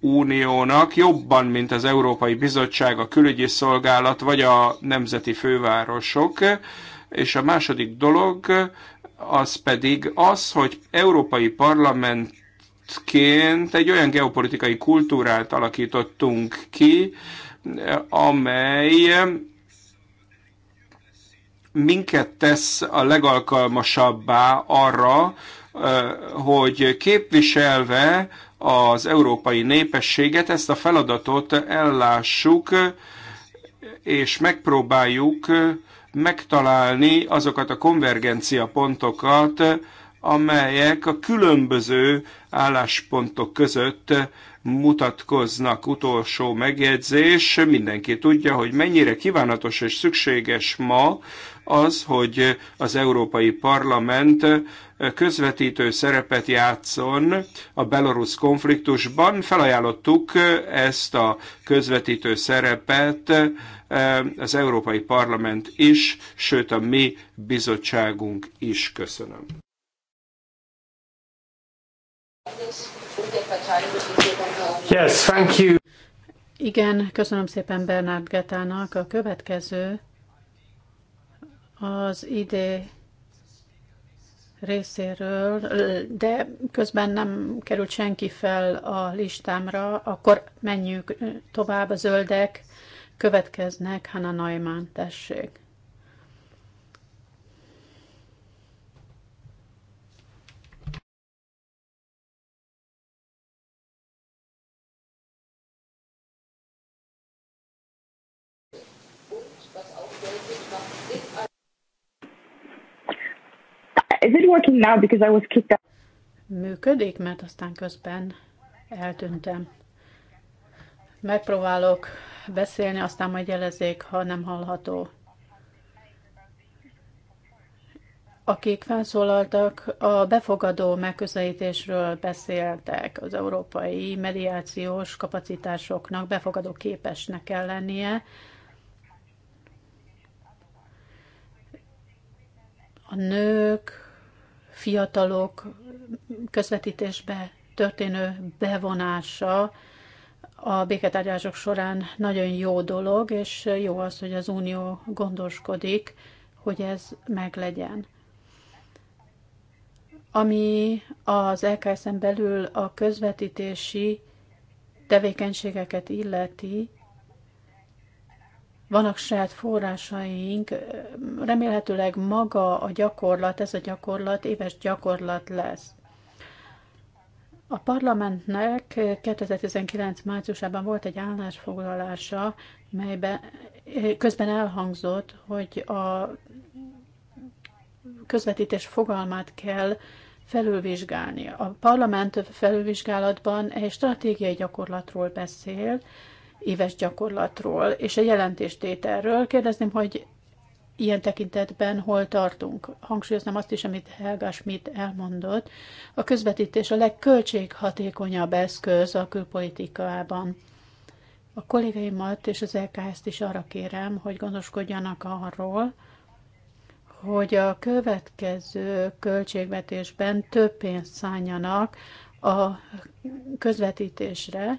Uniónak jobban, mint az Európai Bizottság, a külügyi szolgálat vagy a nemzeti fővárosok. És a második dolog az pedig az, hogy Európai Parlament ként egy olyan geopolitikai kultúrát alakítottunk ki, amely minket tesz a legalkalmasabbá arra, Eh, hogy képviselve az európai népességet ezt a feladatot ellássuk, és megpróbáljuk megtalálni azokat a konvergencia pontokat, amelyek a különböző álláspontok között mutatkoznak. Utolsó megjegyzés, mindenki tudja, hogy mennyire kívánatos és szükséges ma az, hogy az Európai Parlament közvetítő szerepet játszon a belorusz konfliktusban. Felajánlottuk ezt a közvetítő szerepet e, az Európai Parlament is, sőt a mi bizottságunk is. Köszönöm. Yes, thank you. Igen, köszönöm szépen Bernard Getának. A következő az idé részéről, de közben nem került senki fel a listámra, akkor menjünk tovább, a zöldek következnek, Hanna Neumann, tessék. Is it working now because I was kicked out? Működik, mert aztán közben eltűntem. Megpróbálok beszélni, aztán majd jelezzék, ha nem hallható. Akik felszólaltak, a befogadó megközelítésről beszéltek. Az európai mediációs kapacitásoknak befogadó képesnek kell lennie. A nők, fiatalok közvetítésbe történő bevonása a béketárgyalások során nagyon jó dolog, és jó az, hogy az Unió gondoskodik, hogy ez meglegyen. Ami az lksz en belül a közvetítési tevékenységeket illeti, vannak saját forrásaink, remélhetőleg maga a gyakorlat, ez a gyakorlat éves gyakorlat lesz. A parlamentnek 2019. márciusában volt egy állásfoglalása, melyben közben elhangzott, hogy a közvetítés fogalmát kell felülvizsgálni. A parlament felülvizsgálatban egy stratégiai gyakorlatról beszél, éves gyakorlatról és a jelentéstételről. Kérdezném, hogy ilyen tekintetben hol tartunk. Hangsúlyoznám azt is, amit Helga Schmidt elmondott. A közvetítés a legköltséghatékonyabb eszköz a külpolitikában. A kollégáimat és az LKS-t is arra kérem, hogy gondoskodjanak arról, hogy a következő költségvetésben több pénzt szálljanak a közvetítésre,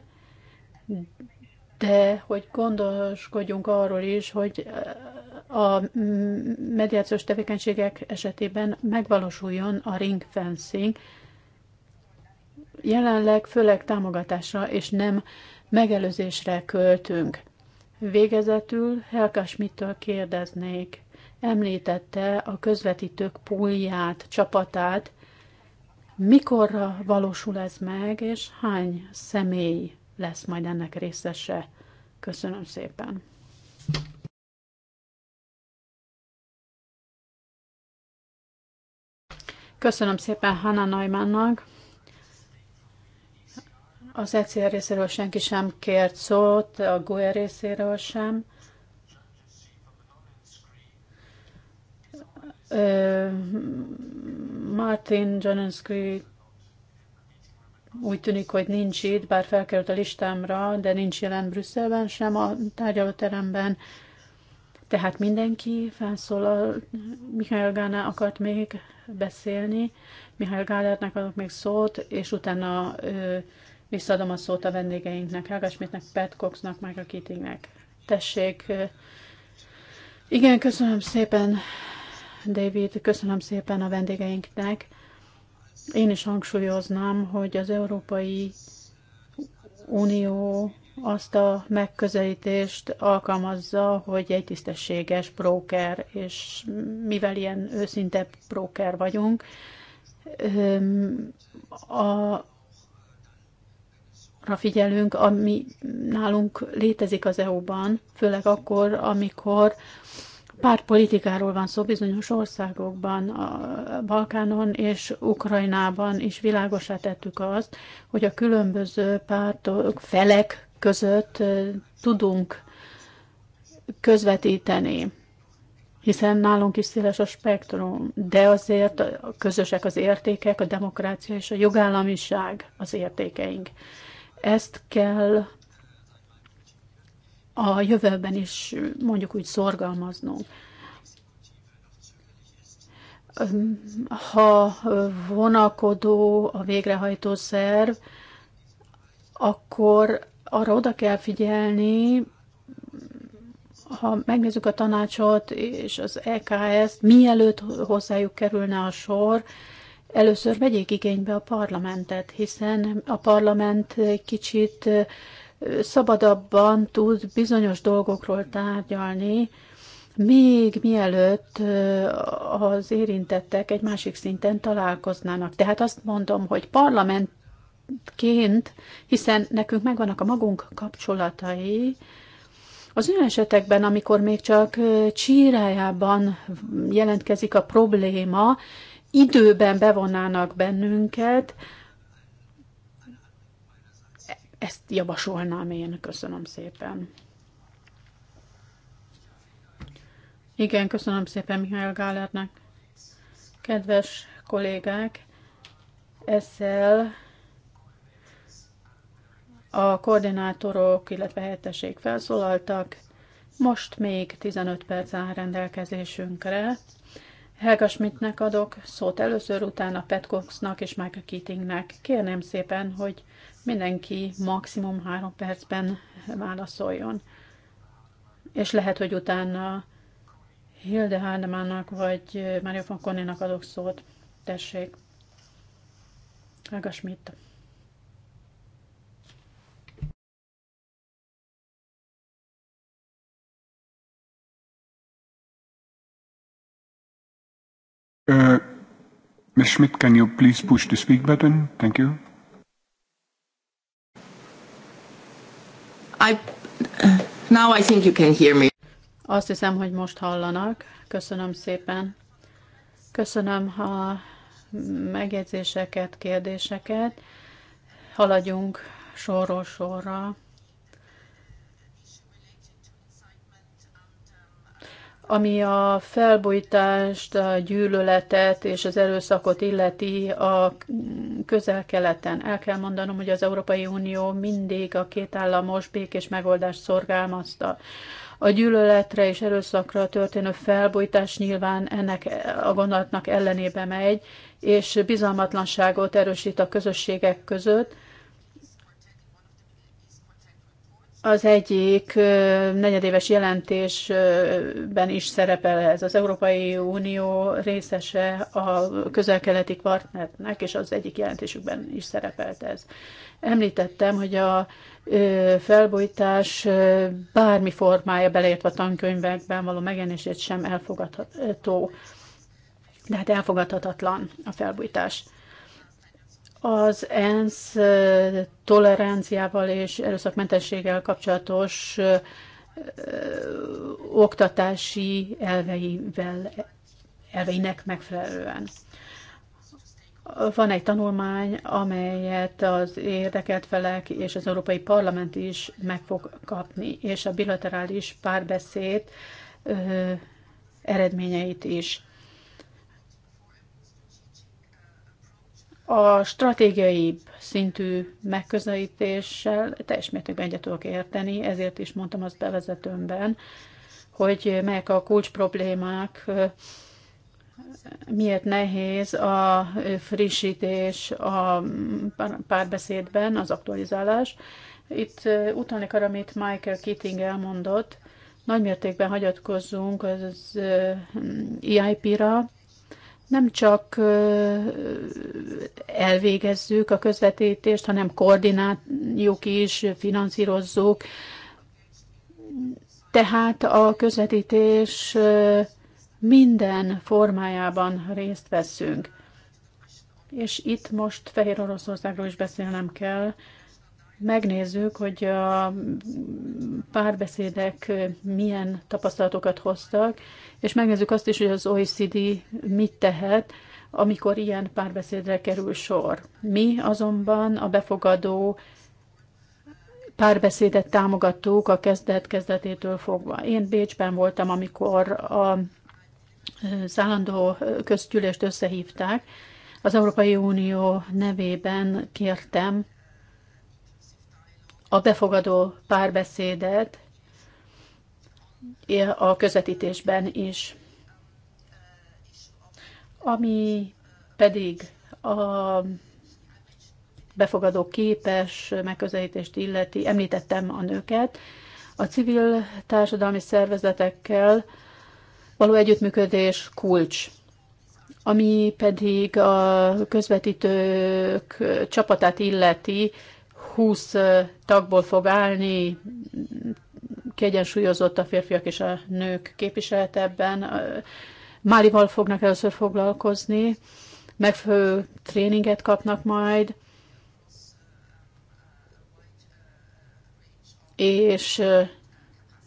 de hogy gondoskodjunk arról is, hogy eh, a mm, mediációs tevékenységek esetében megvalósuljon a ring fencing, jelenleg főleg támogatásra és nem megelőzésre költünk. Végezetül Helka Schmidtől kérdeznék. Említette a közvetítők púlját, csapatát. Mikorra valósul ez meg, és hány személy lesz majd ennek részese. Köszönöm szépen! Köszönöm szépen Hanna Neumannnak. Az ECR részéről senki sem kért szót, a GUE részéről sem. Martin Jonenskri úgy tűnik, hogy nincs itt, bár felkerült a listámra, de nincs jelen Brüsszelben sem a tárgyalóteremben. Tehát mindenki felszólal, Mihály Gánál akart még beszélni, Mihály Gálernek adok még szót, és utána ö, visszaadom a szót a vendégeinknek, Helgasmitnek, Pat Coxnak, meg a Kittingnek. Tessék! Igen, köszönöm szépen, David, köszönöm szépen a vendégeinknek. Én is hangsúlyoznám, hogy az Európai Unió azt a megközelítést alkalmazza, hogy egy tisztességes broker, és mivel ilyen őszinte broker vagyunk, a figyelünk, ami nálunk létezik az EU-ban, főleg akkor, amikor pártpolitikáról van szó bizonyos országokban, a Balkánon és Ukrajnában is világosá tettük azt, hogy a különböző pártok, felek között tudunk közvetíteni, hiszen nálunk is széles a spektrum, de azért közösek az értékek, a demokrácia és a jogállamiság az értékeink. Ezt kell a jövőben is mondjuk úgy szorgalmaznunk. Ha vonakodó a végrehajtó szerv, akkor arra oda kell figyelni, ha megnézzük a tanácsot és az EKS-t, mielőtt hozzájuk kerülne a sor, először vegyék igénybe a parlamentet, hiszen a parlament kicsit szabadabban tud bizonyos dolgokról tárgyalni, még mielőtt az érintettek egy másik szinten találkoznának. Tehát azt mondom, hogy parlamentként, hiszen nekünk megvannak a magunk kapcsolatai, az olyan esetekben, amikor még csak csírájában jelentkezik a probléma, időben bevonnának bennünket, ezt javasolnám én. Köszönöm szépen. Igen, köszönöm szépen Mihály Gálernek. Kedves kollégák, ezzel a koordinátorok, illetve helyettesség felszólaltak. Most még 15 perc áll rendelkezésünkre. Helga Schmidtnek adok szót először, utána Petcoxnak és Michael Keatingnek. Kérném szépen, hogy mindenki maximum három percben válaszoljon. És lehet, hogy utána Hilde Hárdemának vagy Mário Fakonénak adok szót. Tessék. Ágas mit? Uh, Ms. Schmidt, can you please push the speak button? Thank you. I, now I think you can hear me. Azt hiszem, hogy most hallanak. Köszönöm szépen. Köszönöm a megjegyzéseket, kérdéseket. Haladjunk sorról sorra. Ami a felbojtást, a gyűlöletet és az erőszakot illeti a közel-keleten, el kell mondanom, hogy az Európai Unió mindig a két államos békés megoldást szorgalmazta. A gyűlöletre és erőszakra történő felbojtás nyilván ennek a gondolatnak ellenébe megy, és bizalmatlanságot erősít a közösségek között, Az egyik negyedéves jelentésben is szerepel ez. Az Európai Unió részese a közel-keleti partnernek, és az egyik jelentésükben is szerepelt ez. Említettem, hogy a felbojtás bármi formája, beleértve a tankönyvekben való megjelenését sem elfogadható, de hát elfogadhatatlan a felbújtás. Az ENSZ eh, toleranciával és erőszakmentességgel kapcsolatos eh, oktatási elveivel, elveinek megfelelően. Van egy tanulmány, amelyet az érdekelt felek és az Európai Parlament is meg fog kapni, és a bilaterális párbeszéd eh, eredményeit is. a stratégiai szintű megközelítéssel teljes mértékben egyet tudok érteni, ezért is mondtam azt bevezetőmben, hogy melyek a kulcs problémák, miért nehéz a frissítés a párbeszédben, az aktualizálás. Itt utalnék arra, amit Michael Keating elmondott, nagymértékben hagyatkozzunk az EIP-ra, nem csak elvégezzük a közvetítést, hanem koordináljuk is, finanszírozzuk. Tehát a közvetítés minden formájában részt veszünk. És itt most Fehér Oroszországról is beszélnem kell, megnézzük, hogy a párbeszédek milyen tapasztalatokat hoztak, és megnézzük azt is, hogy az OECD mit tehet, amikor ilyen párbeszédre kerül sor. Mi azonban a befogadó párbeszédet támogattuk a kezdet kezdetétől fogva. Én Bécsben voltam, amikor a az állandó közgyűlést összehívták. Az Európai Unió nevében kértem a befogadó párbeszédet a közvetítésben is. Ami pedig a befogadó képes megközelítést illeti, említettem a nőket, a civil társadalmi szervezetekkel való együttműködés kulcs ami pedig a közvetítők csapatát illeti, 20 tagból fog állni, kiegyensúlyozott a férfiak és a nők képviselet ebben. Málival fognak először foglalkozni, megfő tréninget kapnak majd, és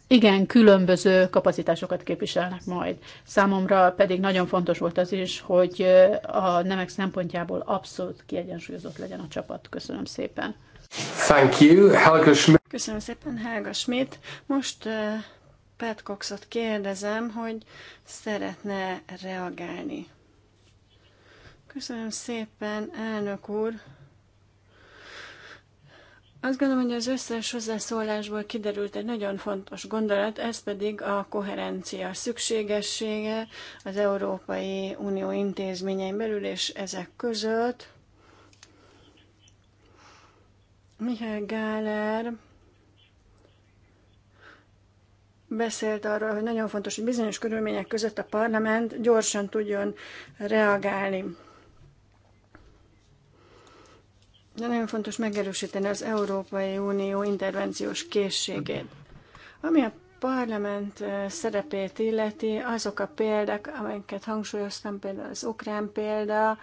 igen, különböző kapacitásokat képviselnek majd. Számomra pedig nagyon fontos volt az is, hogy a nemek szempontjából abszolút kiegyensúlyozott legyen a csapat. Köszönöm szépen. Thank you, Helga Schmidt. Köszönöm szépen, Helga Schmidt. Most uh, Pat Coxot kérdezem, hogy szeretne reagálni. Köszönöm szépen, elnök úr. Azt gondolom, hogy az összes hozzászólásból kiderült egy nagyon fontos gondolat, ez pedig a koherencia szükségessége az Európai Unió intézményein belül és ezek között Mihály Gáler beszélt arról, hogy nagyon fontos, hogy bizonyos körülmények között a parlament gyorsan tudjon reagálni. De nagyon fontos megerősíteni az Európai Unió intervenciós készségét. Ami a parlament szerepét illeti, azok a példák, amelyeket hangsúlyoztam, például az ukrán példa,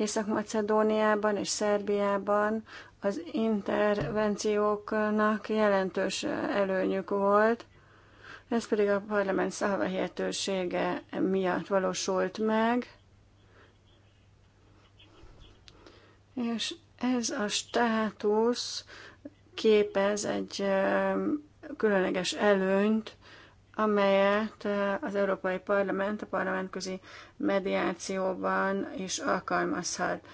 Észak-Macedóniában és Szerbiában az intervencióknak jelentős előnyük volt, ez pedig a parlament szavahihetősége miatt valósult meg, és ez a státusz képez egy különleges előnyt amelyet az Európai Parlament a parlamentközi mediációban is alkalmazhat.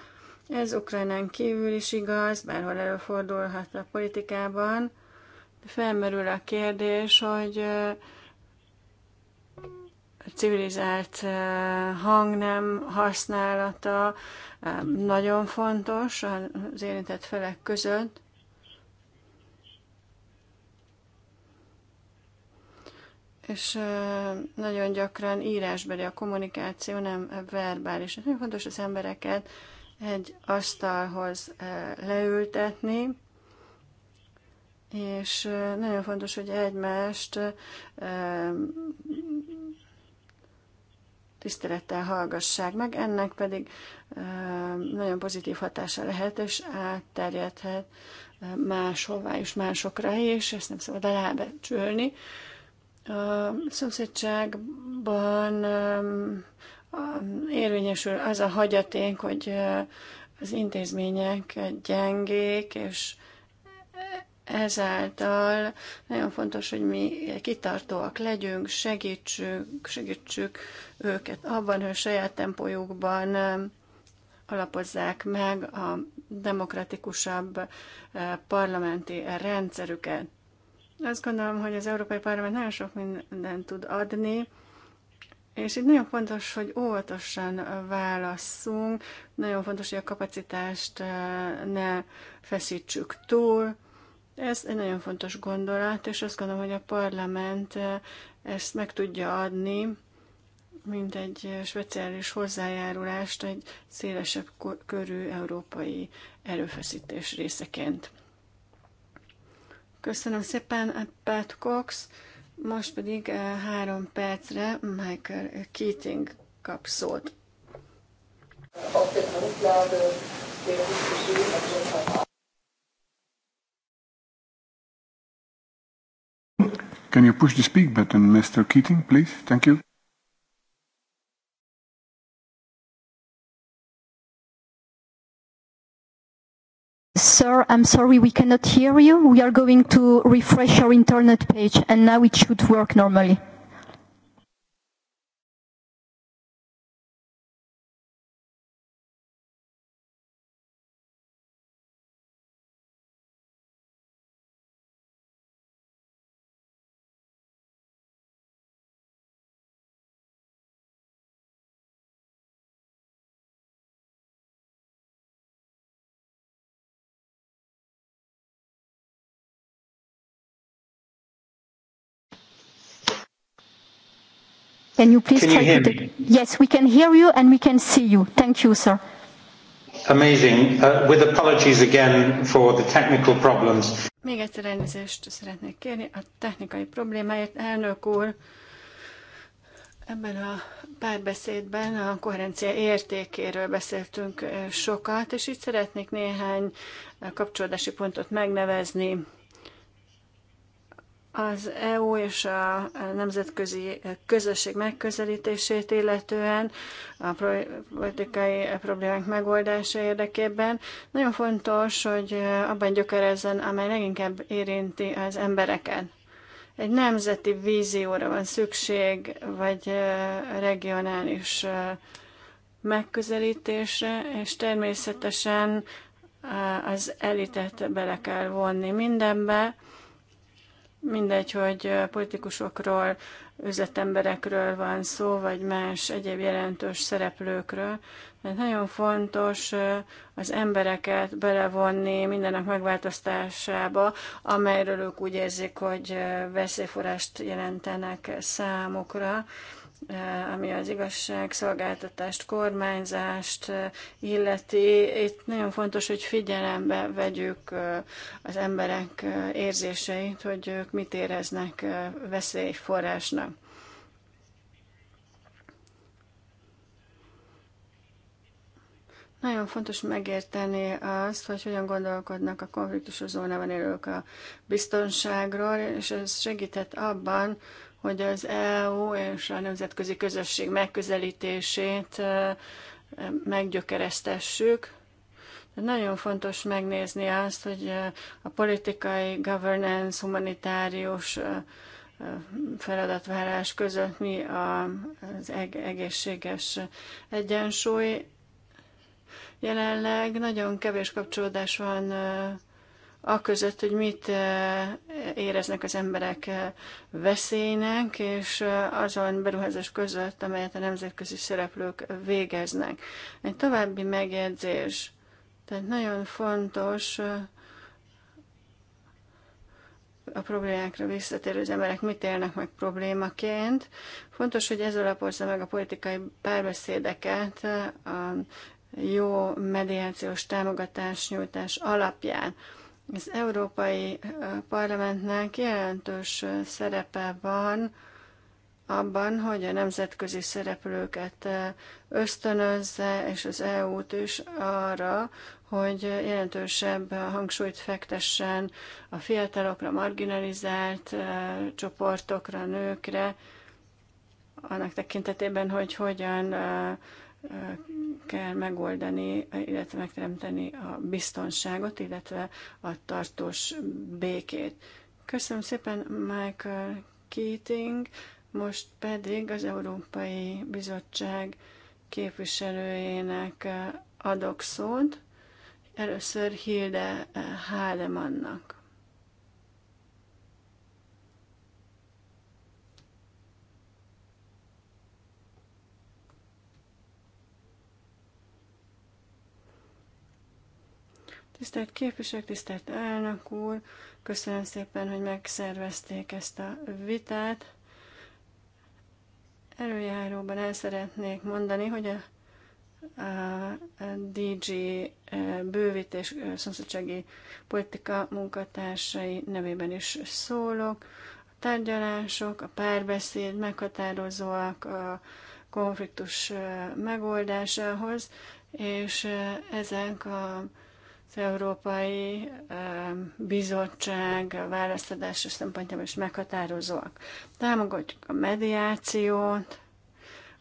Ez Ukrajnán kívül is igaz, bárhol előfordulhat a politikában. Felmerül a kérdés, hogy a civilizált hang nem használata nagyon fontos az érintett felek között. és nagyon gyakran írásbeli a kommunikáció, nem verbális. Nagyon fontos az embereket egy asztalhoz leültetni, és nagyon fontos, hogy egymást tisztelettel hallgassák meg, ennek pedig nagyon pozitív hatása lehet, és átterjedhet máshová és másokra, és ezt nem szabad alábecsülni. A szomszédságban érvényesül az a hagyaték, hogy az intézmények gyengék, és ezáltal nagyon fontos, hogy mi kitartóak legyünk, segítsük, segítsük őket abban, hogy a saját tempójukban alapozzák meg a demokratikusabb parlamenti rendszerüket. Azt gondolom, hogy az Európai Parlament nagyon sok mindent tud adni, és itt nagyon fontos, hogy óvatosan válasszunk, nagyon fontos, hogy a kapacitást ne feszítsük túl. Ez egy nagyon fontos gondolat, és azt gondolom, hogy a parlament ezt meg tudja adni, mint egy speciális hozzájárulást egy szélesebb körű európai erőfeszítés részeként. Köszönöm szépen, Pat Cox. Most pedig eh, három percre Michael Keating kap szót. Can you push the speak button, Mr. Keating, please? Thank you. Sir, I'm sorry, we cannot hear you. We are going to refresh your internet page, and now it should work normally. Can you please can try hear to me? Yes, we can hear you and we can see you. Thank you, sir. Amazing. Uh, with apologies again for the technical problems. Még egyszer elnézést szeretnék kérni a technikai problémáért. Elnök úr, ebben a párbeszédben a koherencia értékéről beszéltünk sokat, és itt szeretnék néhány kapcsolódási pontot megnevezni az EU és a nemzetközi közösség megközelítését illetően a politikai problémák megoldása érdekében. Nagyon fontos, hogy abban gyökerezzen, amely leginkább érinti az embereket. Egy nemzeti vízióra van szükség, vagy regionális megközelítésre, és természetesen az elitet bele kell vonni mindenbe, Mindegy, hogy politikusokról, üzletemberekről van szó, vagy más egyéb jelentős szereplőkről. Tehát nagyon fontos az embereket belevonni mindennek megváltoztásába, amelyről ők úgy érzik, hogy veszélyforrást jelentenek számukra. Eh, ami az igazságszolgáltatást, kormányzást eh, illeti. Itt nagyon fontos, hogy figyelembe vegyük eh, az emberek érzéseit, hogy ők mit éreznek veszélyforrásnak. Nagyon fontos megérteni azt, hogy hogyan gondolkodnak a konfliktusos zónában élők a biztonságról, és ez segített abban, hogy az EU és a nemzetközi közösség megközelítését meggyökeresztessük. Nagyon fontos megnézni azt, hogy a politikai governance, humanitárius feladatvárás között mi az egészséges egyensúly. Jelenleg nagyon kevés kapcsolódás van a között, hogy mit eh, éreznek az emberek eh, veszélynek, és eh, azon beruházás között, amelyet a nemzetközi szereplők végeznek. Egy további megjegyzés. Tehát nagyon fontos a problémákra visszatérő az emberek mit élnek meg problémaként. Fontos, hogy ez alapozza meg a politikai párbeszédeket a jó mediációs támogatás nyújtás alapján. Az Európai Parlamentnek jelentős szerepe van abban, hogy a nemzetközi szereplőket ösztönözze, és az EU-t is arra, hogy jelentősebb hangsúlyt fektessen a fiatalokra, marginalizált csoportokra, nőkre, annak tekintetében, hogy hogyan kell megoldani, illetve megteremteni a biztonságot, illetve a tartós békét. Köszönöm szépen, Michael Keating. Most pedig az Európai Bizottság képviselőjének adok szót. Először Hilde Hálemannak. Tisztelt képviselők, tisztelt elnök úr, köszönöm szépen, hogy megszervezték ezt a vitát. Előjáróban el szeretnék mondani, hogy a, a DG eh, bővítés eh, szomszédsági politika munkatársai nevében is szólok. A tárgyalások, a párbeszéd meghatározóak a konfliktus eh, megoldásához, és ezek a az Európai Bizottság választadása szempontjából is meghatározóak. Támogatjuk a mediációt,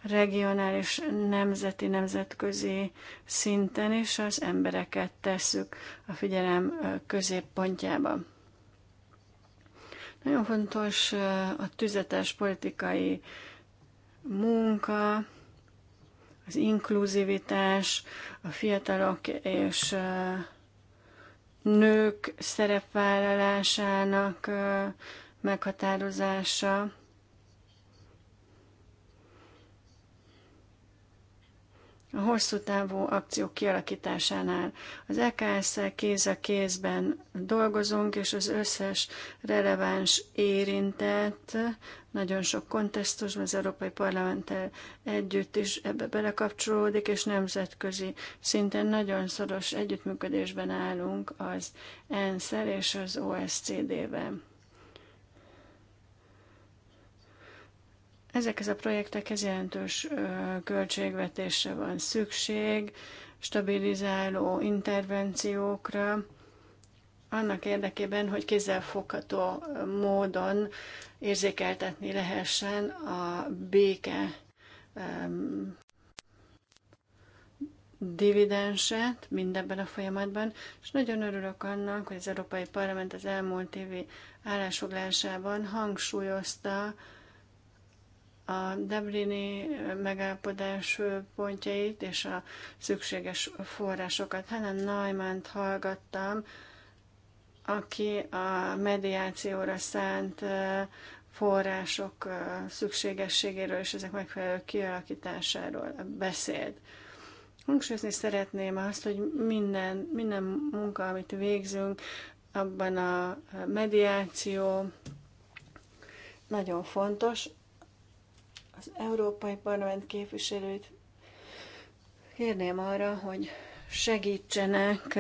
regionális, nemzeti, nemzetközi szinten, és az embereket tesszük a figyelem középpontjába. Nagyon fontos a tüzetes politikai munka, az inkluzivitás, a fiatalok és nők szerepvállalásának meghatározása a hosszú távú akciók kialakításánál. Az eks kéz a kézben dolgozunk, és az összes releváns érintett, nagyon sok kontesztus, az Európai Parlamenttel együtt is ebbe belekapcsolódik, és nemzetközi szinten nagyon szoros együttműködésben állunk az ENSZ-el és az OSCD-vel. Ezekhez a projektekhez jelentős költségvetésre van szükség, stabilizáló intervenciókra, annak érdekében, hogy kézzelfogható módon érzékeltetni lehessen a béke um, dividenset mindebben a folyamatban, és nagyon örülök annak, hogy az Európai Parlament az elmúlt évi állásfoglásában hangsúlyozta a Dublini megállapodás pontjait és a szükséges forrásokat. Helen neumann hallgattam, aki a mediációra szánt források szükségességéről és ezek megfelelő kialakításáról beszélt. Hangsúlyozni szeretném azt, hogy minden, minden munka, amit végzünk, abban a mediáció nagyon fontos, az Európai Parlament képviselőit kérném arra, hogy segítsenek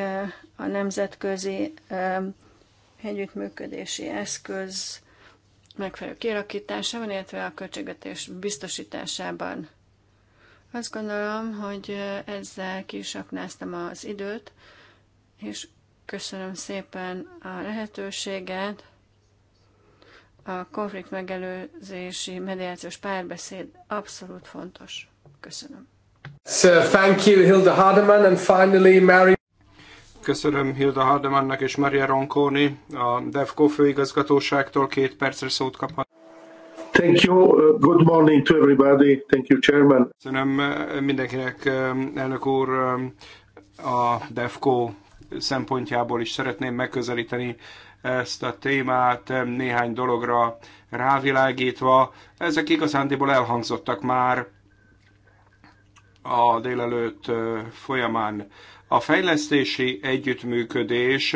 a nemzetközi együttműködési eszköz megfelelő kialakításában, illetve a költségvetés biztosításában. Azt gondolom, hogy ezzel kisaknáztam az időt, és köszönöm szépen a lehetőséget a konflikt megelőzési mediációs párbeszéd abszolút fontos. Köszönöm. So, thank you, Hilda Hardeman, and finally, Mary. Köszönöm Hilda Hardemannak és Maria Ronconi, a DEVCO főigazgatóságtól két percre szót kaphat. Thank you. Uh, good morning to everybody. Thank you, Chairman. Köszönöm uh, mindenkinek, um, elnök úr, um, a Devco szempontjából is szeretném megközelíteni ezt a témát néhány dologra rávilágítva. Ezek igazándiból elhangzottak már a délelőtt folyamán. A fejlesztési együttműködés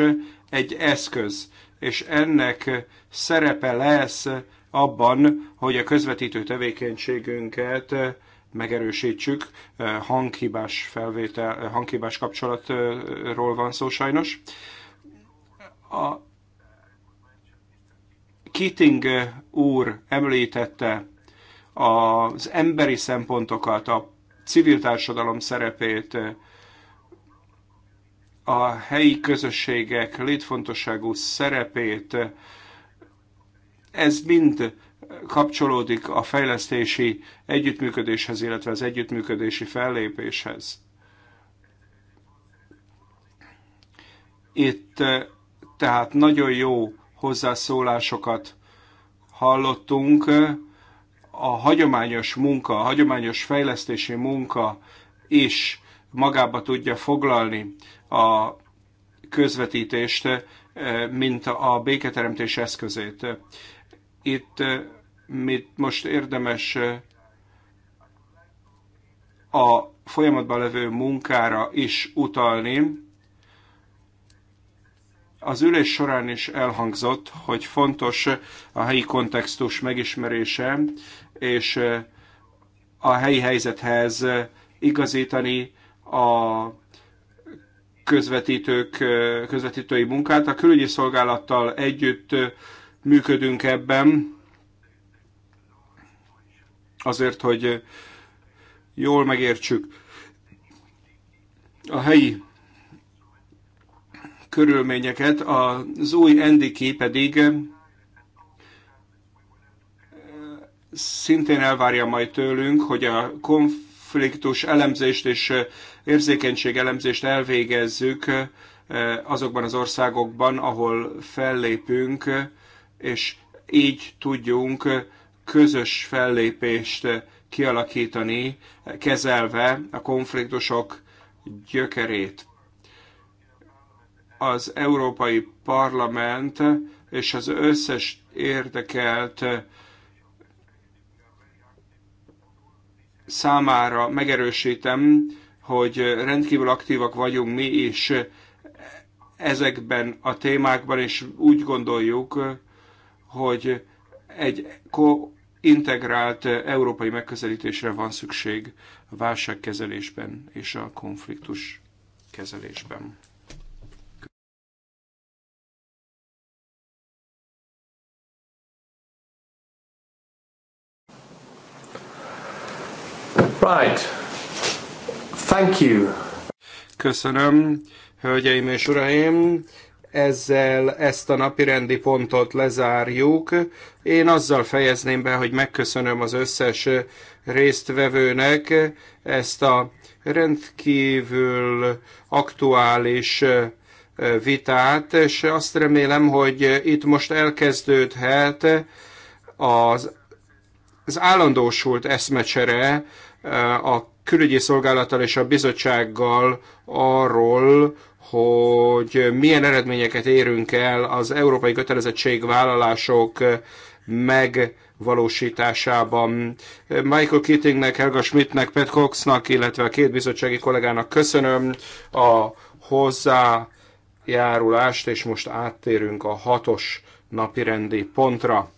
egy eszköz, és ennek szerepe lesz abban, hogy a közvetítő tevékenységünket megerősítsük. Hanghibás felvétel, hanghibás kapcsolatról van szó sajnos. A Keating úr említette az emberi szempontokat, a civil társadalom szerepét, a helyi közösségek létfontosságú szerepét, ez mind kapcsolódik a fejlesztési együttműködéshez, illetve az együttműködési fellépéshez. Itt eh, tehát nagyon jó hozzászólásokat hallottunk. A hagyományos munka, a hagyományos fejlesztési munka is magába tudja foglalni a közvetítést, eh, mint a béketeremtés eszközét. Itt eh, mit most érdemes eh, a folyamatban levő munkára is utalni, az ülés során is elhangzott, hogy fontos a helyi kontextus megismerése, és a helyi helyzethez igazítani a közvetítők, közvetítői munkát. A külügyi szolgálattal együtt működünk ebben, azért, hogy jól megértsük a helyi körülményeket, az új NDK pedig eh, szintén elvárja majd tőlünk, hogy a konfliktus elemzést és eh, érzékenység elemzést elvégezzük eh, azokban az országokban, ahol fellépünk, és így tudjunk közös fellépést kialakítani, kezelve a konfliktusok gyökerét az Európai Parlament és az összes érdekelt számára megerősítem, hogy rendkívül aktívak vagyunk mi is ezekben a témákban, és úgy gondoljuk, hogy egy integrált európai megközelítésre van szükség a válságkezelésben és a konfliktus kezelésben. Right. Thank you. Köszönöm, hölgyeim és uraim. Ezzel ezt a napi rendi pontot lezárjuk. Én azzal fejezném be, hogy megköszönöm az összes résztvevőnek ezt a rendkívül aktuális vitát, és azt remélem, hogy itt most elkezdődhet az, az állandósult eszmecsere a külügyi szolgálattal és a bizottsággal arról, hogy milyen eredményeket érünk el az európai kötelezettségvállalások megvalósításában. Michael Keatingnek, Helga Schmidtnek, Pat Coxnak, illetve a két bizottsági kollégának köszönöm a hozzájárulást, és most áttérünk a hatos napirendi pontra.